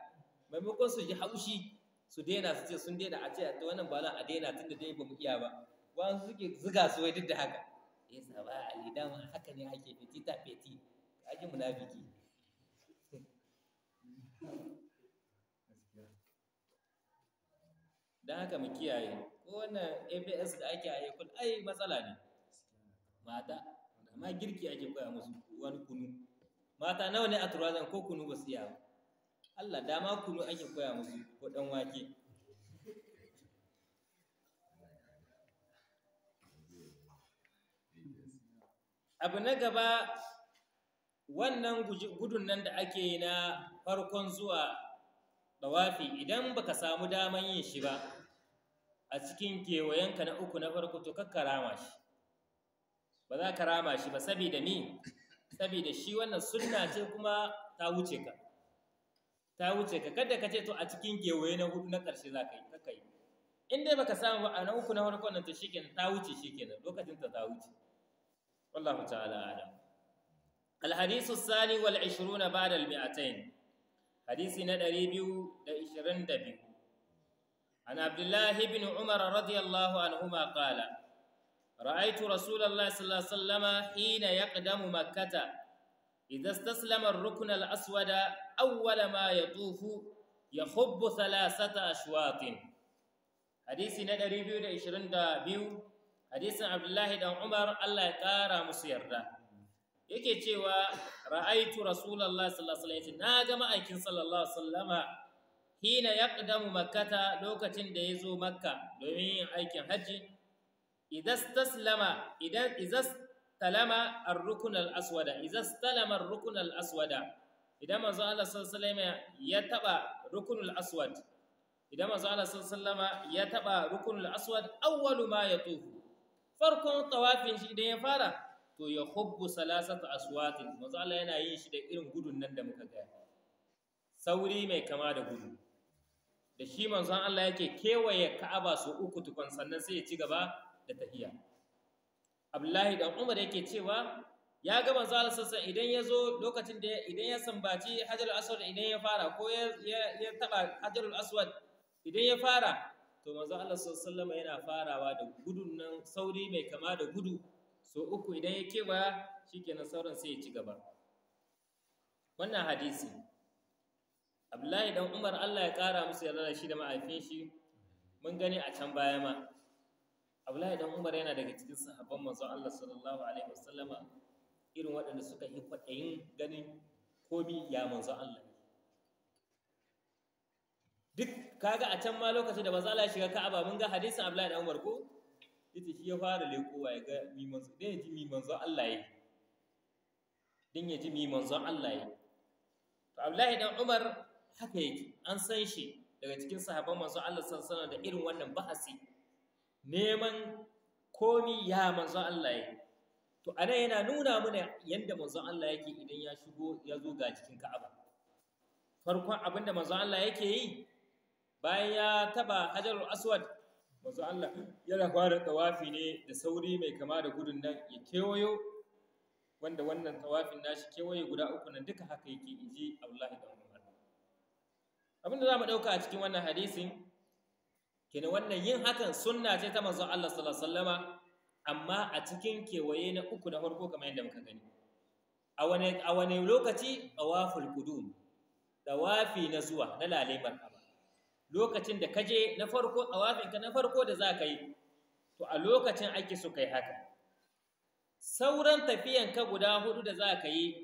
maimakon su ji haushi su daina su ce sun daina a ce ta wannan ba nan a daina tunda dai ba mu iya ba wa suke zuga su wai duk da haka eh sawa ali dama haka ne ake fiti ta fiti kaji munafiki don haka mu kiyaye wannan abs da ake a yakul ai matsala ne mata amma girki ake koya musu wani kunu mata nawa ne a turazan ko kunu ba su iya ba Allah dama kunu ake koya musu ko dan wake abu na gaba wannan gudun nan da ake yi na farkon zuwa ɗawafi idan baka samu daman yin shi ba a cikin kewayenka na uku na farko to kakka rama shi ba za ka rama shi ba saboda ni saboda shi wannan sunna ce kuma ta wuce ka ta wuce ka kada ka ce to a cikin kewaye na hudu na ƙarshe za ka yi kakka yi in dai baka samu ba a na uku na farko nan to shikenan ta wuce shikenan lokacin ta ta wuce wallahu ta'ala alam الحديث الثاني والعشرون بعد المئتين حديث ندري بيو دا عشرين دبيو عن عبد الله بن عمر رضي الله عنهما قال رأيت رسول الله صلى الله عليه وسلم حين يقدم مكة إذا استسلم الركن الأسود أول ما يطوف يخب ثلاثة أشواط حديث ندري بيو دا إشرين دا بيو حديث عبد الله بن عمر الله يتارى مسير دا yake cewa ra'aitu rasulullahi sallallahu alaihi wasallam na ga ma'aikin sallallahu alaihi wasallama hina mu makkata lokacin da ya zo makka domin yin aikin hajji taslama idan izas talama arrukun al idan manzo Allah sallallahu ya taɓa rukun al-aswad idan manzo Allah sallallahu ya taba rukun al-aswad awwalu ma ya yatufu farkon tawafin shi idan ya fara to ya hubbu salasat aswatin manzo Allah yana yin shi da irin gudun nan da muka gaya. sauri mai kama da gudu da shi manzon Allah yake kewaye Ka'aba su uku tukun sannan sai ya ci gaba da tafiya. Abdullahi dan Umar yake cewa ya ga manzon Allah sassa idan ya zo lokacin da idan ya sambaci Hajar Aswad idan ya fara ko ya ya taba Hajarul Aswad idan ya fara to manzon Allah sallallahu alaihi yana farawa da gudun nan sauri mai kama da gudu so uku idan ya kewaya shikenan sauran sai ya ci gaba wannan hadisi abdullahi dan umar allah ya kara musu yarda shi da ma'aifin shi mun gani a can baya ma abdullahi dan umar yana daga cikin sahabban manzon allah sallallahu alaihi wasallama irin waɗanda suka yi kwaɗayin ganin komi ya manzon allah duk kaga a can ma lokacin da manzo Allah ya shiga Ka'aba mun ga hadisin Abdullahi dan Umar ko yace shi ya fara lekowa ya ga mi manzo dan ya ji mi manzo Allah yi din ya ji mi manzon Allah yi to Abdullahi dan Umar haka yake an san shi daga cikin sahabban manzo Allah sallallahu da irin wannan bahasi neman komi ya manzo Allah yake to anan yana nuna mana yanda manzo Allah yake idan ya shigo ya zo ga cikin Ka'aba farkon abinda manzo Allah yake yi bayan ya taba Hajarul Aswad manzo Allah yana fara tawafi ne da sauri mai kama da gudun nan ya kewayo wanda wannan tawafin nashi kewaye guda uku nan duka haka yake inji Abdullahi dan abin da za mu ɗauka a cikin wannan hadisin kenan wannan yin hakan sunna ce ta manzon Allah sallallahu alaihi wasallama amma a cikin kewaye na uku na farko kamar yadda muka gani a wani a wani lokaci tawaful qudum tawafi na zuwa na lalimar lokacin da kaje na farko tawafin ka na farko da za ka yi to a lokacin ake so kai haka sauran tafiyan ka guda hudu da za ka yi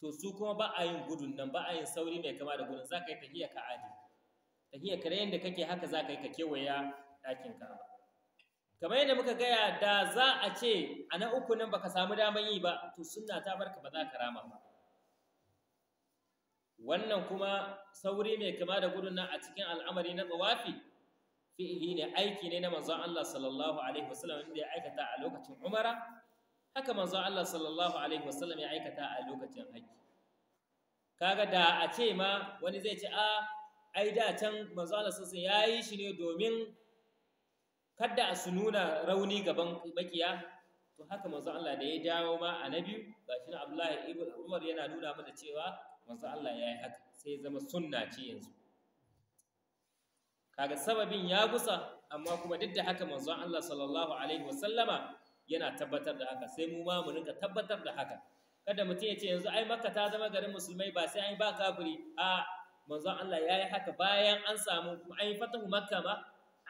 to su kuma ba a yin gudun nan ba a yin sauri mai kama da gudun za ka yi tahiyya ka adi tahiyya kare yadda kake haka za ka yi ka kewaya ɗakin ba kamar yadda muka gaya da za a ce a na uku nan baka samu damar yi ba to sunna ta barka ba za ka rama ba wannan kuma sauri mai kama da gudun nan a cikin al'amari na tsawafi fi'ili ne aiki ne na manzon Allah sallallahu alaihi wasallam inda ya aikata a lokacin umara haka manzo Allah sallallahu alaihi wasallam ya aikata a lokacin haji kaga da a ce ma wani zai ce a ai da can manzo Allah sallallahu ya yi shi ne domin kada a su nuna rauni gaban makiya to haka manzo Allah da ya dawo ma a na biyu gashi na Abdullahi ibn Umar yana nuna mana cewa manzo Allah ya haka sai ya zama sunna ce yanzu kaga sababin ya gusa amma kuma duk da haka manzo Allah sallallahu alaihi wasallama yana tabbatar da haka sai mu ma mu rinka tabbatar da haka kada mutum ya ce yanzu ai makka ta zama garin musulmai ba sai an ba kafiri a manzon Allah ya yi haka bayan an samu an fatahu makka ma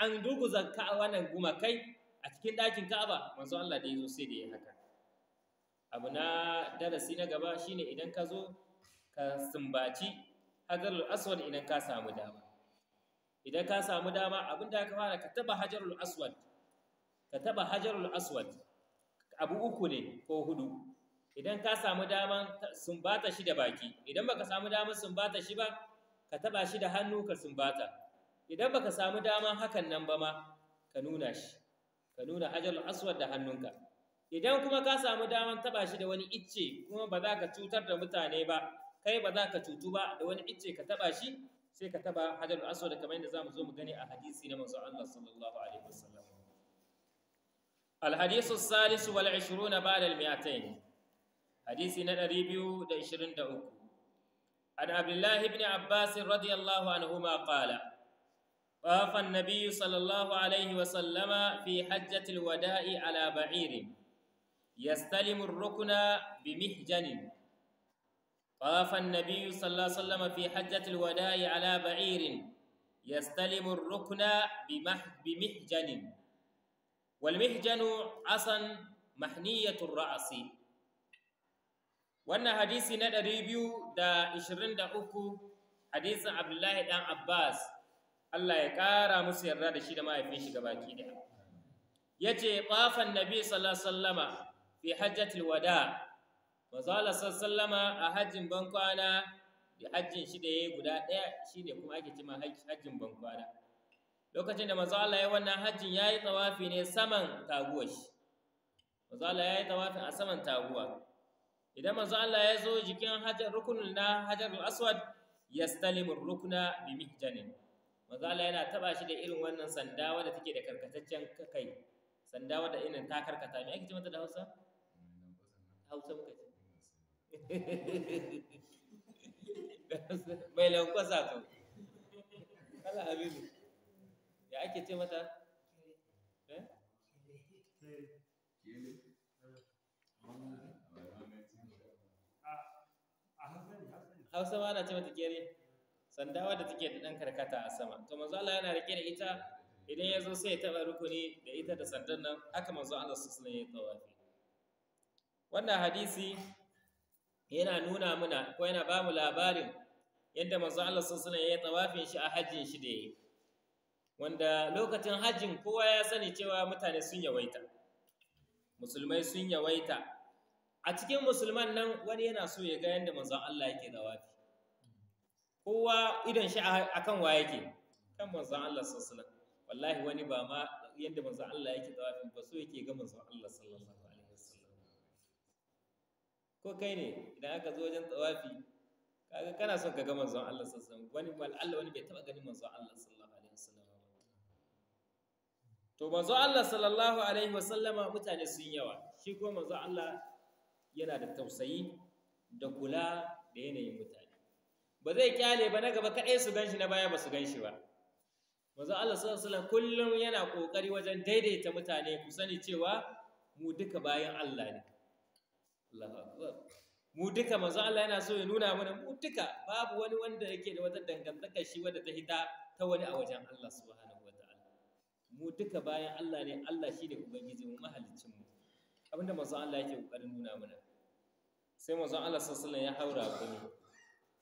an duguza ka'a wannan kai a cikin ɗakin ka'aba manzon Allah da ya zo sai da ya haka abu na darasi na gaba shine idan ka zo ka sumbaci hajarul aswad idan ka samu dama idan ka samu dama abinda ka fara ka taba hajarul aswad ka taba hajarul aswad abu uku ne ko hudu idan ka samu daman sumbata shi da baki idan baka samu daman sumbata shi ba ka taba shi da hannu ka sumbata idan baka samu daman hakan nan ba ma ka nuna shi ka nuna hajar aswad da hannunka idan kuma ka samu daman taba shi da wani icce kuma ba za ka cutar da mutane ba kai ba za ka cutu ba da wani icce ka taba shi sai ka taba hajar aswad kamar yadda za mu zo mu gani a hadisi na manzo Allah sallallahu alaihi wasallam Alhadisu salisu wal ishiru na ba da almiyatai ne, hadisi na ɗari biyu da ishirin da uku. An Abdullahi bin Abbasin radiyallahu an huma ƙala, ƙafan na biyu sallallahu alaihi wa sallama fi hajjatil wada'i ala ba'irin, ya stalimun rukuna bi mihjanin. Ƙafan na biyu sallallahu sallama fi hajjatil wada'i ala ba'irin, ya stalimun rukuna bi mihjanin. walmihjanu asan mahniyatun ra'asi wannan hadisi na ɗari biyu uku, hadisin abdullahi dan abbas Allah ya ƙara musu yarda da shi da mahaifin shi gabaki daya yace qafan nabi sallallahu alaihi fi hajjatil wada manzo sallama a hajjin bankwana da hajjin shi da yi guda shi shine kuma ake cima hajjin bankwana lokacin da manzo Allah ya wannan hajjin yayi tawafi ne saman taguwar shi manzo Allah yayi tawafi a saman taguwa idan manzo Allah ya zo jikin hajar rukunul na hajarul aswad yastalimu rukna bi mihjanin manzo Allah yana taba shi da irin wannan sanda wadda take da karkataccen kai sanda wadda irin ta karkata me ake ce mata da Hausa Hausa muka ce mai lankwasa to kala ya ake ce mata eh? hausa ma na ce mata kere sandawa da take da ɗan karkata a sama to manzo Allah yana rike da ita idan ya zo sai ya taɓa rukuni da ita da sandan nan haka manzo Allah su sunan ya wannan hadisi yana nuna muna ko yana ba mu labarin yadda manzo Allah su ya yi tsawafin shi a hajjin shi da ya yi wanda lokacin hajjin kowa ya sani cewa mutane sun yawaita musulmai sun yawaita a cikin musulman nan wani yana so ya ga yadda manzon Allah yake wafi. kowa idan shi akan wa yake kan manzon Allah sallallahu alaihi wasallam wallahi wani ba ma yadda manzon Allah yake wafi ba so yake ga manzon Allah sallallahu alaihi wasallam ko kai ne idan aka zo wajen tawafi kaga kana son ka ga manzon Allah sallallahu alaihi wasallam wani wal Allah wani bai taba ganin manzon Allah sallallahu to manzo Allah sallallahu alaihi wasallama mutane sun yawa shi ko manzo Allah yana da tausayi da kula da yanayin mutane ba zai kyale ba na gaba kaɗai su ganshi na baya ba su ganshi ba manzo Allah sallallahu alaihi kullum yana kokari wajen daidaita mutane ku sani cewa mu duka bayan Allah ne mu duka manzo Allah yana so ya nuna mana mu duka babu wani wanda yake da wata dangantaka shi wadda ta hita ta wani a wajen Allah subhanahu mu duka bayan Allah ne Allah shi ne ubangiji mu mahalicin mu abinda manzon Allah yake kokarin nuna mana sai manzon Allah sallallahu alaihi wasallam ya haura kuma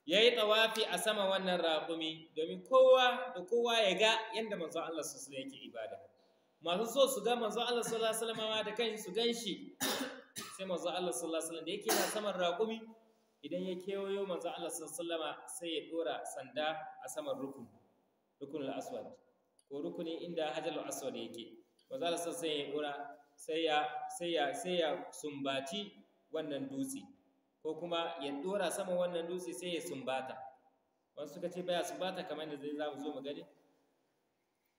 yayi tawafi a sama wannan raƙumi domin kowa da kowa ya ga yanda manzon Allah sallallahu alaihi wasallam yake ibada masu so su ga manzon Allah sallallahu alaihi wasallam da kanshi su ganshi sai manzon Allah sallallahu alaihi wasallam da yake na saman raƙumi idan ya kewayo manzon Allah sallallahu alaihi wasallam sai ya dora sanda a saman rukun rukunul aswad ko rukuni inda hajarul aswad yake manzo Allah sai ya dora sai ya sai ya sumbaci wannan dutse ko kuma ya ɗora sama wannan dutse sai ya sumbata wasu suka ce baya sumbata kamar da zai za mu zo mu gani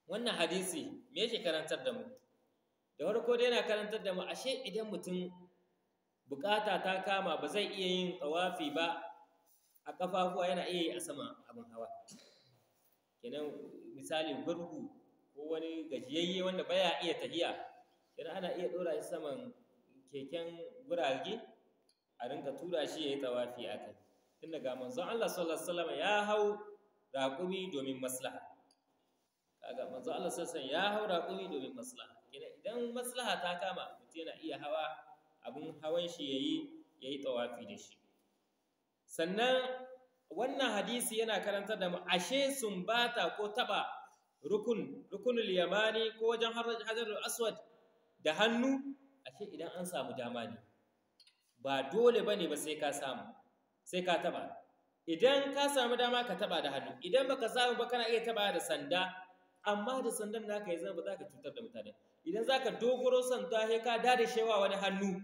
wannan hadisi me yake karantar da mu da farko dai yana karantar da mu ashe idan mutum bukata ta kama ba zai iya yin tawafi ba a kafafuwa yana iya yi a sama abin hawa kenan misali gurgu ko wani gajiyayye wanda baya iya tahiya idan ana iya ɗora shi saman keken gurage a rinka tura shi ya yi tawafi a kai tun daga manzon Allah sallallahu alaihi wasallam ya hau raƙumi domin maslaha kaga manzon Allah sallallahu alaihi wasallam ya hau raƙumi domin maslaha kina idan maslaha ta kama mutum yana iya hawa abun hawan shi yayi yayi tawafi da shi sannan wannan hadisi yana karantar da mu ashe sumbata ko taba rukun rukunul yamani ko wajen hajarul aswad da hannu ashe idan an samu dama ne ba dole bane ba sai ka samu sai ka taba idan ka samu dama ka taba da hannu idan baka samu ba kana iya taba da sanda amma da sandan naka ya zama ba za ka cutar da mutane idan za ka dogoro sanda sai ka dade shewa wani hannu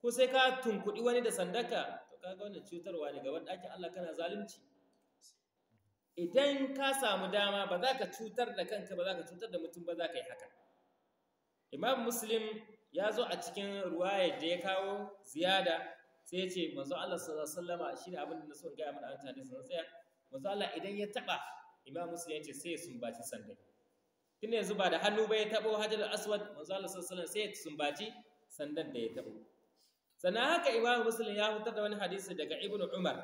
ko sai ka tunkuɗi wani da sandaka kaga wannan cutarwa ne gaban ɗakin Allah kana zalunci idan ka samu dama ba za ka cutar da kanka ba za ka cutar da mutum ba za ka yi haka imam muslim ya zo a cikin ruwayar da ya kawo ziyada sai ya ce manzo Allah sallallahu alaihi shi ne abin da na so gaya mana an tare sun tsaya manzo Allah idan ya taba imam muslim ya ce sai ya sumbaci sanda tun yanzu ba da hannu ba ya tabo hajar aswad manzo Allah sallallahu alaihi wasallam sai ya sumbaci sandan da ya tabo sannan haka imamu muslim ya fitar da wani hadisi daga Ibn umar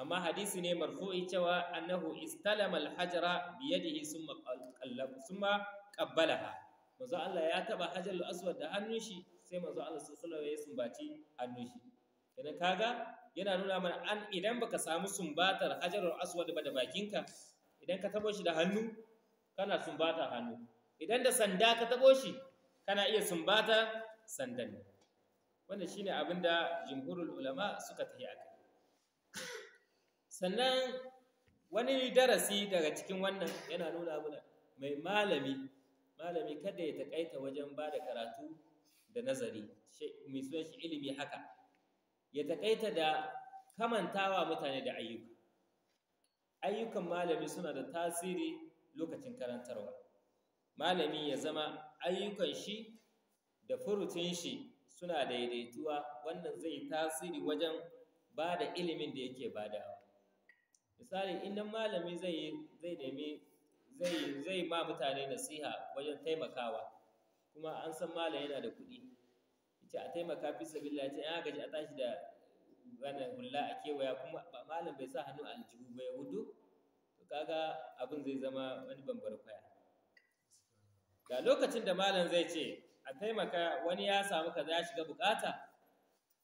amma hadisi ne marfu'i cewa annahu istalama alhajara bi yadihi summa qallab summa qabbalaha manzo Allah ya taba hajarul aswad da hannun shi sai manzo Allah sallallahu alaihi wasallam ya sumbaci hannun shi idan kaga yana nuna mana an idan baka samu sumbatar hajarul aswad ba da bakinka idan ka tabo shi da hannu kana sumbata hannu idan da sanda ka tabo shi kana iya sumbata sandan wannan shine abin da jumhurul ulama suka tafi a sannan wani darasi daga cikin wannan yana nuna mana mai malami malami kada ya takaita wajen ba da karatu da nazari mai suna shi ilimi haka ya takaita da kamantawa mutane da ayyuka ayyukan malami suna da tasiri lokacin karantarwa malami ya zama ayyukan shi da furutun shi suna daidaituwa wannan zai tasiri wajen ba da ilimin da yake badawa misali inda malami zai nemi zai ba ma mutane nasiha wajen taimakawa kuma an san malam yana da kuɗi ce a taimaka fi sabilla ce ya gaji a tashi da ranar hula a kewaya kuma malam bai sa hannu a aljihu ba hudu to kaga abin zai zama wani bambar kwaya ga lokacin da malam zai ce a taimaka wani ya samu kaza ya shiga bukata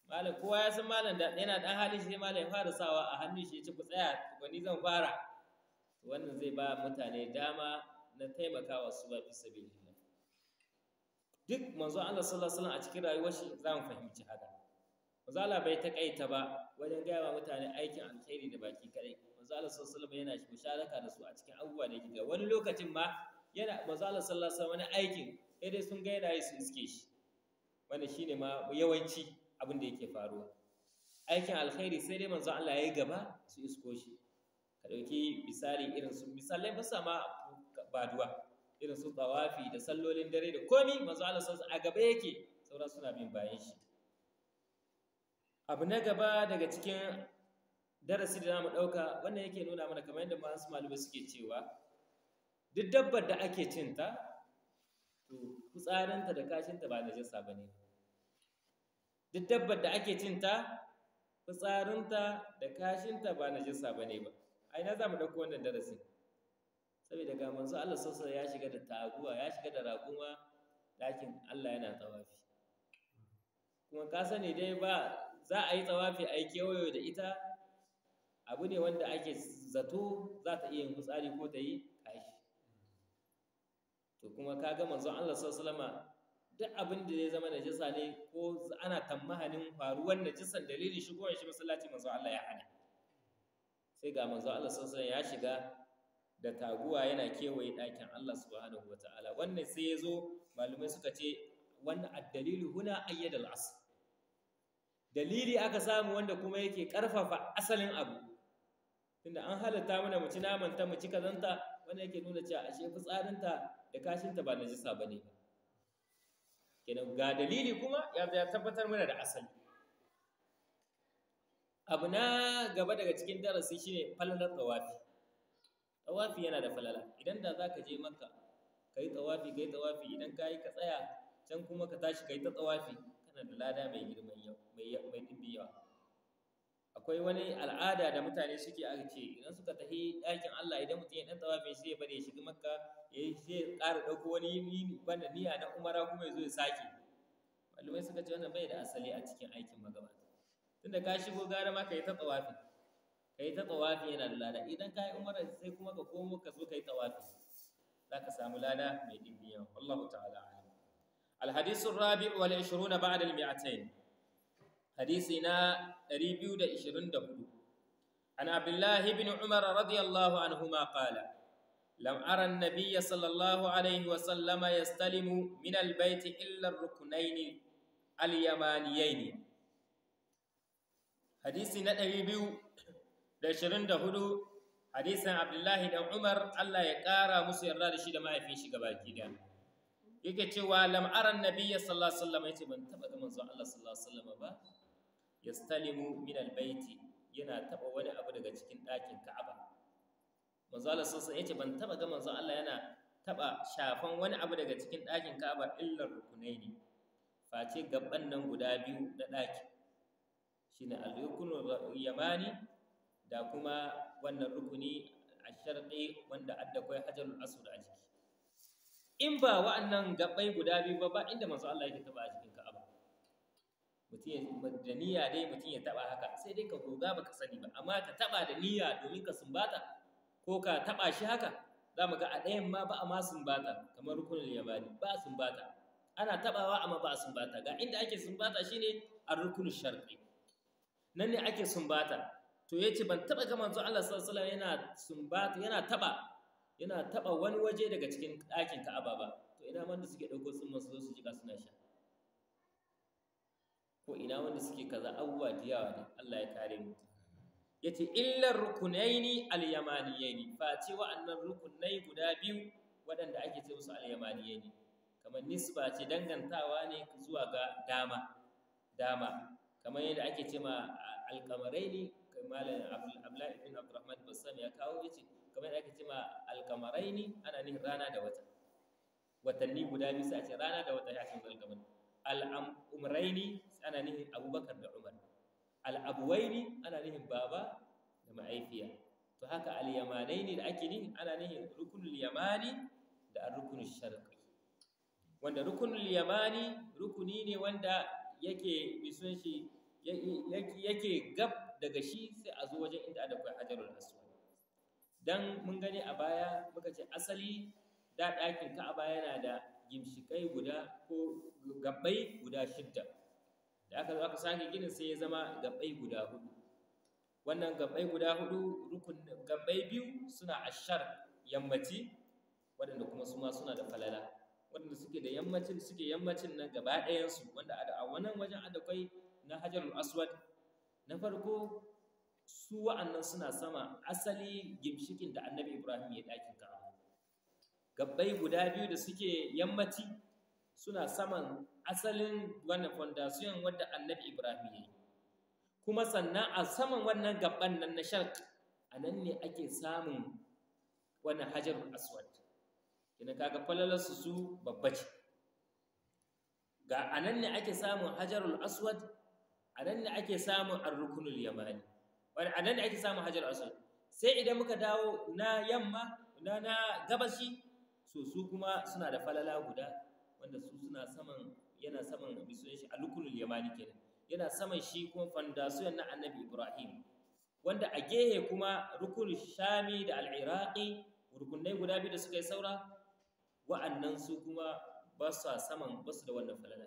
malam kowa ya san malam da yana dan halin shi malam ya fara sawa a hannun shi ya ci ku tsaya tukuni zan fara wannan zai ba mutane dama na taimakawa su ba fi sabilillah duk manzo Allah sallallahu alaihi wasallam a cikin rayuwar shi za mu fahimci haka manzo Allah bai kaita ba wajen gaya wa mutane aikin alkhairi da baki kadai manzo Allah sallallahu alaihi wasallam yana musharaka da su a cikin abubuwa da yake wani lokacin ma yana manzo Allah sallallahu alaihi wasallam wani aikin sai dai sun ga yana yi sun iske shi wanda shine ma yawanci abin da yake faruwa aikin alkhairi sai dai manzo Allah yayi gaba su isko shi ka dauki misali irin su misalai ba sama baduwa irin su tawafi da sallolin dare da komi manzo Allah sun a gaba yake sauran suna bin bayan shi abu na gaba daga cikin darasi da zamu dauka wannan yake nuna mana kamar yadda masu malamai suke cewa duk dabbar da ake cinta to fitsarinta da kashinta ba najasa ba ne duk dabbar da ake cinta fitsarinta da kashinta ba najasa ba ne ba a ina za mu ɗauko wannan darasin saboda ga manzo Allah sassa ya shiga da taguwa ya shiga da raƙuma lakin Allah yana tsawafi kuma ka sani dai ba za a yi tsawafi a yi kewayo da ita abu ne wanda ake zato za ta iya yin fitsari ko ta yi to kuma ga manzon Allah sallallahu alaihi duk abin da zai zama najisa ne ko ana tammahanin faruwar najisan dalilin shigowar shi masallaci manzon Allah ya hana sai ga manzon Allah sallallahu alaihi ya shiga da taguwa yana kewaye dakin Allah subhanahu wata'ala wannan sai ya zo malumai suka ce wannan addalilu huna ayyadal asl dalili aka samu wanda kuma yake karfafa asalin abu tunda an halatta mana mu ci naman ta mu ci kazanta wanda yake nuna cewa ashe fitsarinta da kashinta ba najasa ba ne kenan ga dalili kuma ya tabbatar mana da asali abu na gaba daga cikin darasi shine falalar tsawafi tsawafi yana da falala idan da za ka je maka ka yi tsawafi ka yi tsawafi idan ka yi ka tsaya can kuma ka tashi ka yi ta tsawafi kana da lada mai girman mai ɗimbi yawa akwai wani al'ada da mutane suke a ce idan suka tafi ɗakin Allah idan mutum ya ɗan tawafi sai ya bari ya shiga makka ya yi sai ƙara ɗauko wani banda niyya na umara kuma ya zo ya sake malumai suka ce wannan bai da asali a cikin aikin magana. tunda ka shigo gara ma ka yi ta tawafi ka yi ta yana da lada idan ka yi umara sai kuma ka komo ka zo ka yi tawafi za ka samu lada mai ɗimbi yawa wallahu ta'ala rabi'u الحديث الرابع bada بعد المئتين hadisi na 224 an abdullahi bin umar radiyallahu anhuma qala lam ara an-nabiy sallallahu alayhi wa sallam yastalimu min al-bayt illa ar-ruknayn al-yamaniyayn hadisi na abdullahi dan umar allah ya ƙara musu yarda da shi da mahaifin shi gaba gida yake cewa lam'aran nabiya sallallahu alaihi wasallam yace ban taba ga manzon allah sallallahu alaihi wasallam ba yastalimu min albayti yana taba wani abu daga cikin ɗakin Ka'aba manzo Allah sallallahu yace ban taba ga manzo Allah yana taba shafan wani abu daga cikin ɗakin Ka'aba illa rukunaini face gaban nan guda biyu na ɗakin shine al-rukunu yamani da kuma wannan rukuni a sharqi wanda adda kai hajarul aswad a jiki in ba wa'annan gabai guda biyu ba ba inda manzo Allah yake taba a cikin mutum ya da niyya dai mutum ya taba haka sai dai ka goga baka sani ba amma ka taba da niyya domin ka sumbata ko ka taba shi haka za mu ga a ɗayan ma ba a ma sumbata kamar rukunin yamani ba sumbata ana tabawa amma ba sumbata ga inda ake sumbata shine a rukunin sharqi nan ne ake sumbata to yace ban taba ga manzo Allah sallallahu alaihi wasallam yana sumbata yana taba yana taba wani waje daga cikin ɗakin Ka'aba ba to ina man da suke dauko sun masu zo su jika suna sha ko ina wanda suke kaza abubuwa da yawa ne Allah ya kare mu yace illar rukunaini al-yamaniyaini fa ce wa'annan rukunai guda biyu waɗanda ake ce musu al-yamaniyaini kamar nisba ce dangantawa ne zuwa ga dama dama kamar yadda ake ce ma al-qamaraini malam Abdullahi ibn Abdurrahman Bassam ya kawo yace kamar yadda ake ce ma al-qamaraini ana nihin rana da wata watanni guda biyu sai a ce rana da wata ya ce al-qamar umraini ana nihin abubakar da umar al'abuwaini ana nihin baba da ma'aifiya to haka al'yamanai ne da ake nihin ana nihin rukunin yamani da rukunin wanda rukunin yamani rukuni ne wanda yake bisun yake gab daga shi sai a zo wajen inda adakwai kai hajarul aswad dan mun gani a baya muka ce asali da ɗakin baya yana da ginshikai guda ko gabbai guda shidda da aka zo aka sake ginin sai ya zama gabai guda hudu wannan gabai guda hudu rukun gabai biyu suna ashar yammaci waɗanda kuma su ma suna da falala waɗanda suke da yammacin suke yammacin nan gaba ɗayansu wanda a wannan wajen kwai na hajarul aswad na farko su wa'annan suna sama asali ginshikin da annabi ibrahim ya ɗakin ka. gabbai guda biyu da suke yammaci suna saman asalin wannan fondasiyon wadda annabi Ibrahim ya yi. Kuma sannan a saman wannan gaban nan na shark, a nan ne ake samun wannan hajarul aswad. Kina kaga falalarsu su babba ce. Ga a nan ne ake samun hajarul aswad, a nan ne ake samun arrukunul yamani. Wani a nan ne ake samun hajarul aswad. Sai idan muka dawo na yamma, na gabashi, so su kuma suna da falala guda wanda su suna saman yana saman bisoyin shi alukulul yamani kenan yana saman shi kuma fandasuyan na annabi ibrahim wanda a gehe kuma rukun shami da al'iraƙi, rukunai guda biyu da suka yi saura wa'annan su kuma ba su saman ba su da wannan falala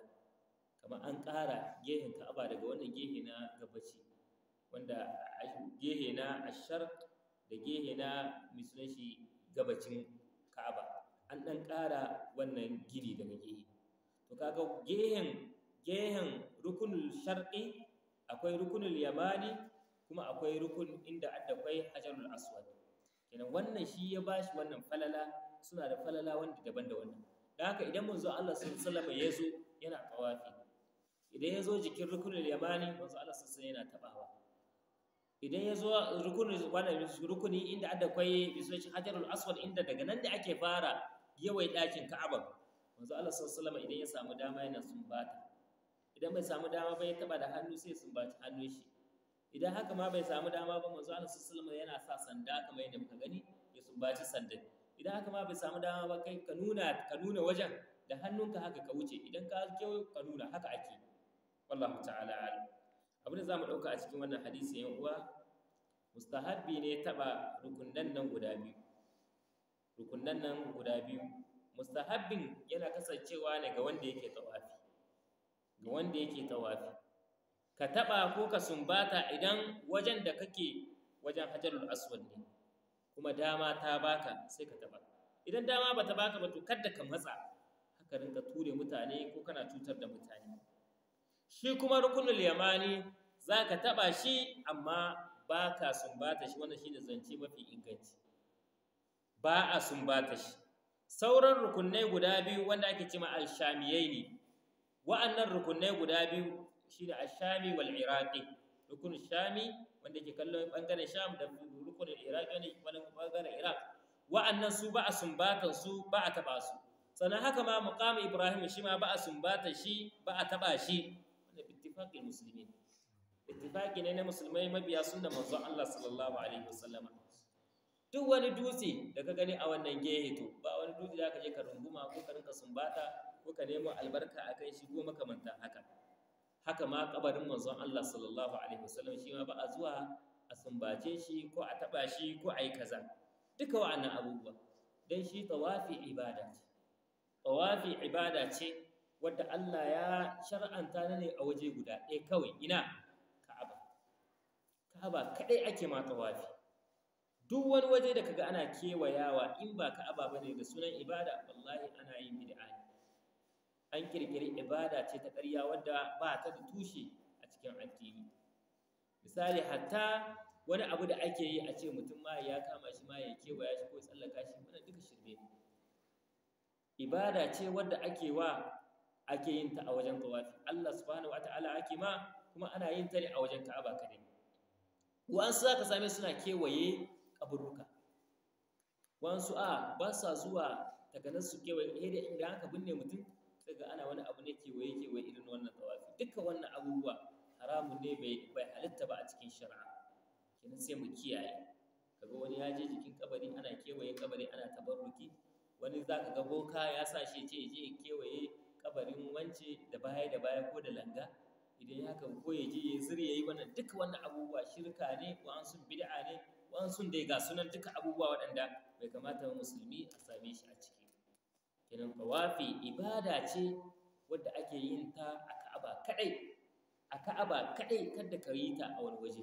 kama an ƙara gehen ka'aba daga wannan gehe na gabaci wanda gehe na ashar da gehe na misalin shi gabacin an ɗan ƙara wannan gini daga gehe to kaga gehen gehen rukunul sharqi akwai rukunul yamani kuma akwai rukun inda adda akwai hajarul aswad kenan wannan shi ya bashi wannan falala suna da falala wanda daban da wannan da haka idan manzo Allah sallallahu alaihi wasallam yana tawafi idan ya zo jikin rukunul yamani manzo Allah sallallahu alaihi wasallam yana tabawa idan ya zo rukuni rukuni inda adda akwai biswaci hajarul aswad inda daga nan da ake fara yawai ɗakin ka'aba manzo Allah sallallahu alaihi idan ya samu dama yana sumbata idan bai samu dama ba ya taba da hannu sai sumbaci hannun shi idan haka ma bai samu dama ba manzo Allah sallallahu alaihi yana sa sanda kamar yadda muka gani ya sumbaci sanda idan haka ma bai samu dama ba kai ka nuna ka nuna wajen da hannunka haka ka wuce idan ka kewayo ka nuna haka ake wallahu ta'ala alim abin da zamu dauka a cikin wannan hadisi yan uwa mustahabbi ne taba rukunnan nan guda biyu rukunan nan guda biyu mustahabbin yana kasancewa ne ga wanda yake tawafi ga wanda yake tawafi ka taba ko ka sumbata idan wajen da kake wajen hajarul aswad ne kuma dama ta baka sai ka taba idan dama bata baka ba to kada ka matsa ka rinka ture mutane ko kana cutar da mutane shi kuma rukunul yamani zaka taba shi amma baka sumbata shi wannan shine zance mafi inganci ba a sumbata shi sauran rukunai guda biyu wanda ake cima al-shamiyai ne wa'annan rukunai guda biyu shi da al-shami wal iraqi rukun shami wanda ke kallon bangaren sham da rukun iraqi wanda ke kallon bangaren iraq wa'annan su ba a sumbata su ba a taɓa su sannan haka ma muqami ibrahim shi ma ba a sumbata shi ba a taɓa shi wanda bittifaqil muslimin ittifaqi ne na musulmai mabiya sunnar manzon Allah sallallahu alaihi Wasallama. duk wani dutse da ka gani a wannan gehe to ba wani dutse za ka je ka runguma ko ka rinka sumbata ko ka nemo albarka a kai shi ko makamantan haka haka ma kabarin manzon Allah sallallahu alaihi wasallam shi ma ba a zuwa a sumbace shi ko a taba shi ko a yi kaza duka wa'annan abubuwa dan shi tawafi ibada ce tawafi ibada ce wadda Allah ya shar'anta ne a waje guda ɗaya kawai ina ka'aba ka'aba kadai ake ma tawafi duk wani waje da kaga ana kewayawa in ba ka'aba ne da sunan ibada wallahi ana yin bid'a an kirkiri ibada ce ta ƙarya wadda ba ta da tushe a cikin addini misali hatta wani abu da ake yi a ce mutum ma ya kama shi ma ya kewaya shi ko tsallaka shi wannan duka shirme ne ibada ce wadda ake wa ake yin ta a wajen tawafi Allah subhanahu wataala ake ma kuma ana yin ta ne a wajen Ka'aba kadai wa'ansu za ka same suna kewaye kaburruka wansu a ba sa zuwa takanar su kewaye sai eh, da inda aka binne mutum daga ana wani abu ne kewaye kewaye irin wannan tawafi dukkan wannan abubuwa haramun ne bai halitta ba a cikin shari'a kenan sai mu kiyaye kaga wani ya je jikin kabari ana kewaye kabari ana tabarruki wani za ka ga boka ya sa shi ce je kewaye kabarin wance da baya da baya ko da langa idan ya kan ko ya je ya ya yi wannan duka wannan abubuwa shirka ne ko an sun bid'a ne sun dai ga sunan duka abubuwa waɗanda bai kamata ba musulmi a same shi a ciki kenan tawafi ibada ce wadda ake yin ta a ka'aba kaɗai a ka'aba kaɗai kada ka yi ta a wani waje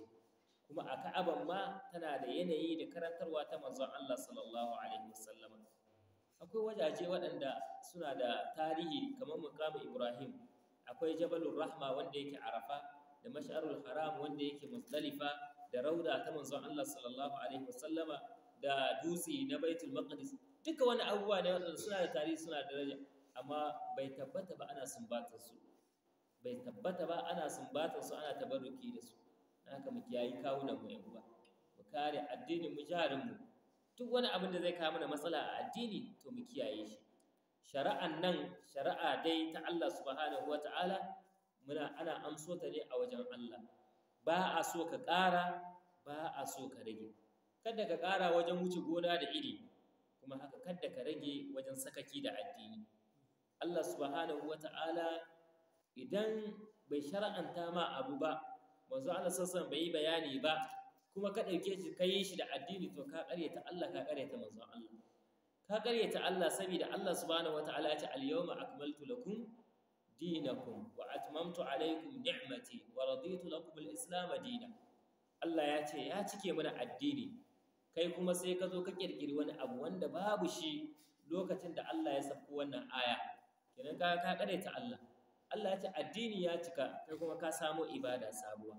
kuma a ka'aban ma tana da yanayi da karantarwa ta manzon Allah sallallahu alaihi wasallam akwai wajaje waɗanda suna da tarihi kamar mukamin Ibrahim akwai Jabalur Rahma wanda yake Arafa da Mash'arul Haram wanda yake Muzdalifa da rauda ta manzon Allah sallallahu alaihi wasallama da dutse na baitul maqdis duka wani abubuwa ne wadanda suna da tarihi suna da daraja amma bai tabbata ba ana sumbatar su bai tabbata ba ana sumbatar su ana tabarruki da su haka mu kiyayi kawunan mu yan mu kare addinin mu jarin mu duk wani abin da zai kawo mana matsala a addini to mu kiyaye shi shari'an nan shari'a dai ta Allah subhanahu wata'ala muna ana amso ta ne a wajen Allah ba a so ka ƙara ba a so ka rage kada ka ƙara wajen wuce gona da iri kuma haka kada ka rage wajen sakaki da addini Allah subhanahu wata'ala idan bai shar'anta ma abu ba manzo Allah sassan bai yi bayani ba kuma ka ɗauke shi ka yi shi da addini to ka ƙaryata Allah ka ƙaryata manzo Allah ka ƙaryata Allah saboda Allah subhanahu wata'ala ya ce al-yawma akmaltu lakum dinakum wa atmamtu alaikum ni'mati wa raditu lakum al-islam dinan Allah ya ce ya cike mana addini kai kuma sai ka zo ka kirkiri wani abu wanda babu shi lokacin da Allah ya sako wannan aya kenan ka ka kadaita Allah Allah ya ce addini ya cika kai kuma ka samo ibada sabuwa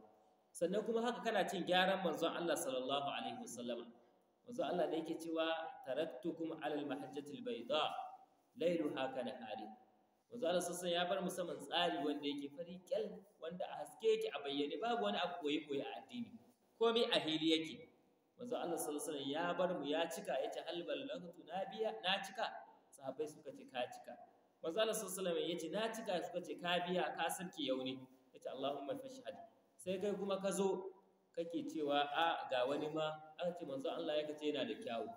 sannan kuma haka kana cin gyaran manzon Allah sallallahu alaihi wasallam manzon Allah da yake cewa taraktukum alal mahajjatil bayda lailuha kana hari manzo Allah sassan ya bar musamman tsari wanda yake fari kyal wanda a haske yake a bayyane babu wani abu koyi koyi a addini komai a hili yake manzo Allah sallallahu alaihi ya bar mu ya cika yace hal ballagtu nabiya na cika sahabbai suka ce ka cika manzo Allah sallallahu alaihi ce na cika suka ce ka biya ka sarki yauni yace Allahumma fashhad sai kai kuma ka zo kake cewa a ga wani ma aka ce manzo Allah ya kace yana da kyawu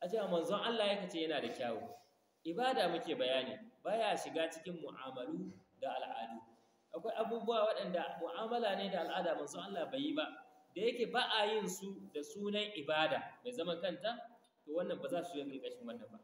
a ce manzo Allah ya kace yana da kyawu ibada muke bayani baya shiga cikin mu'amalu da al'adu akwai abubuwa waɗanda mu'amala ne da al'ada manzo Allah bai yi ba da yake ba a yin su da sunan ibada mai zaman kanta to wannan ba za su yi ƙarƙashin wannan ba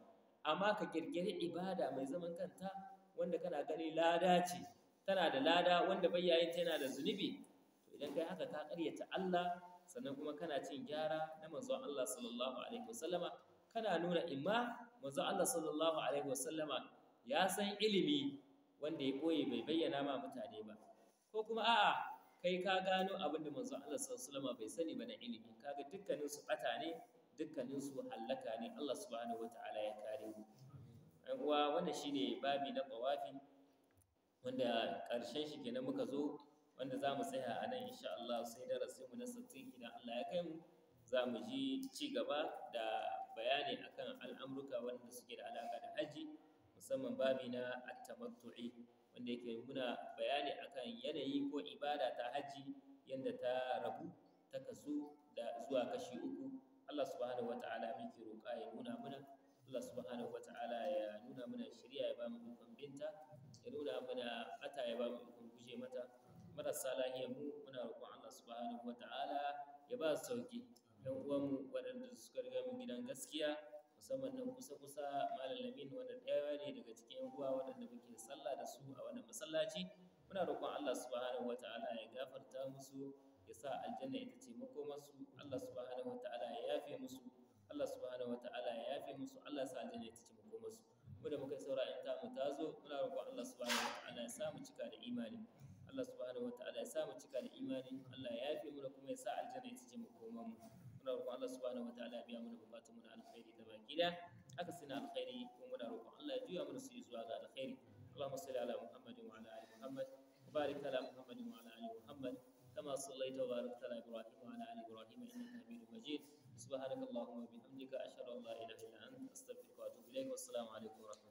amma ka kirkiri ibada mai zaman kanta wanda kana gani lada ce tana da lada wanda bai yayin ta yana da zunubi to idan kai haka ka ƙaryata Allah sannan kuma kana cin gyara na manzo Allah sallallahu alaihi wasallama kana nuna imma manzo Allah sallallahu alaihi wasallama ya san ilimi wanda ya ɓoye bai bayyana ma mutane ba ko kuma a'a kai ka gano abin da manzo Allah sallallahu alaihi bai sani ba na ilimi kaga dukkanin su bata ne dukkanin su hallaka ne Allah subhanahu wataala ya kare mu ɗan uwa wannan shine babi na qawafi wanda ƙarshen shi kenan muka zo wanda za mu tsaya a nan insha Allah sai darasin mu na sattin idan Allah ya kai mu za mu ji ci gaba da bayani akan al'amurka wanda suke da alaka da haji musamman babi na at wanda yake muna bayani akan yanayi ko ibada ta haji yanda ta rabu ta kasu da zuwa kashi uku Allah subhanahu wata'ala muke roƙa ya nuna mana Allah subhanahu wata'ala ya nuna muna shirya ya ba mu ikon binta ya nuna muna ata ya ba mu ikon guje mata marasa lahiya mu muna roƙon Allah subhanahu wata'ala ya ba su sauki ɗan uwanmu waɗanda suka riga mu gidan gaskiya musamman nan kusa-kusa malalamin wanda ɗaya ne daga cikin yan uwa waɗanda muke sallah da su a wannan masallaci muna roƙon Allah subhanahu ta’ala ya gafarta musu ya sa aljanna ita ce makomarsu Allah subhanahu ta’ala ya yafe musu Allah subhanahu ta’ala ya yafe musu Allah ya sa aljanna ita ce makomarsu mu da muka saura in ta mu ta zo muna roƙon Allah subhanahu ta’ala ya sa mu cika da imani Allah subhanahu ta’ala ya sa mu cika da imani Allah ya yafe mu da kuma ya sa aljanna ita ce makomarmu muna roƙon Allah subhanahu wa ta'ala biya mana bukatun muna na alkhairi da baki da aka sina alkhairi ko muna roƙon Allah ya juya mana sai zuwa ga alkhairi Allahumma salli ala Muhammadin wa ala ali Muhammad barik ala Muhammadin wa ala ali Muhammad kama sallaita wa baraka ala Ibrahim wa ala ali Ibrahim innaka Hamidum Majid subhanakallahumma wa bihamdika ashhadu an la ilaha illa anta astaghfiruka wa atubu ilaik wa assalamu alaikum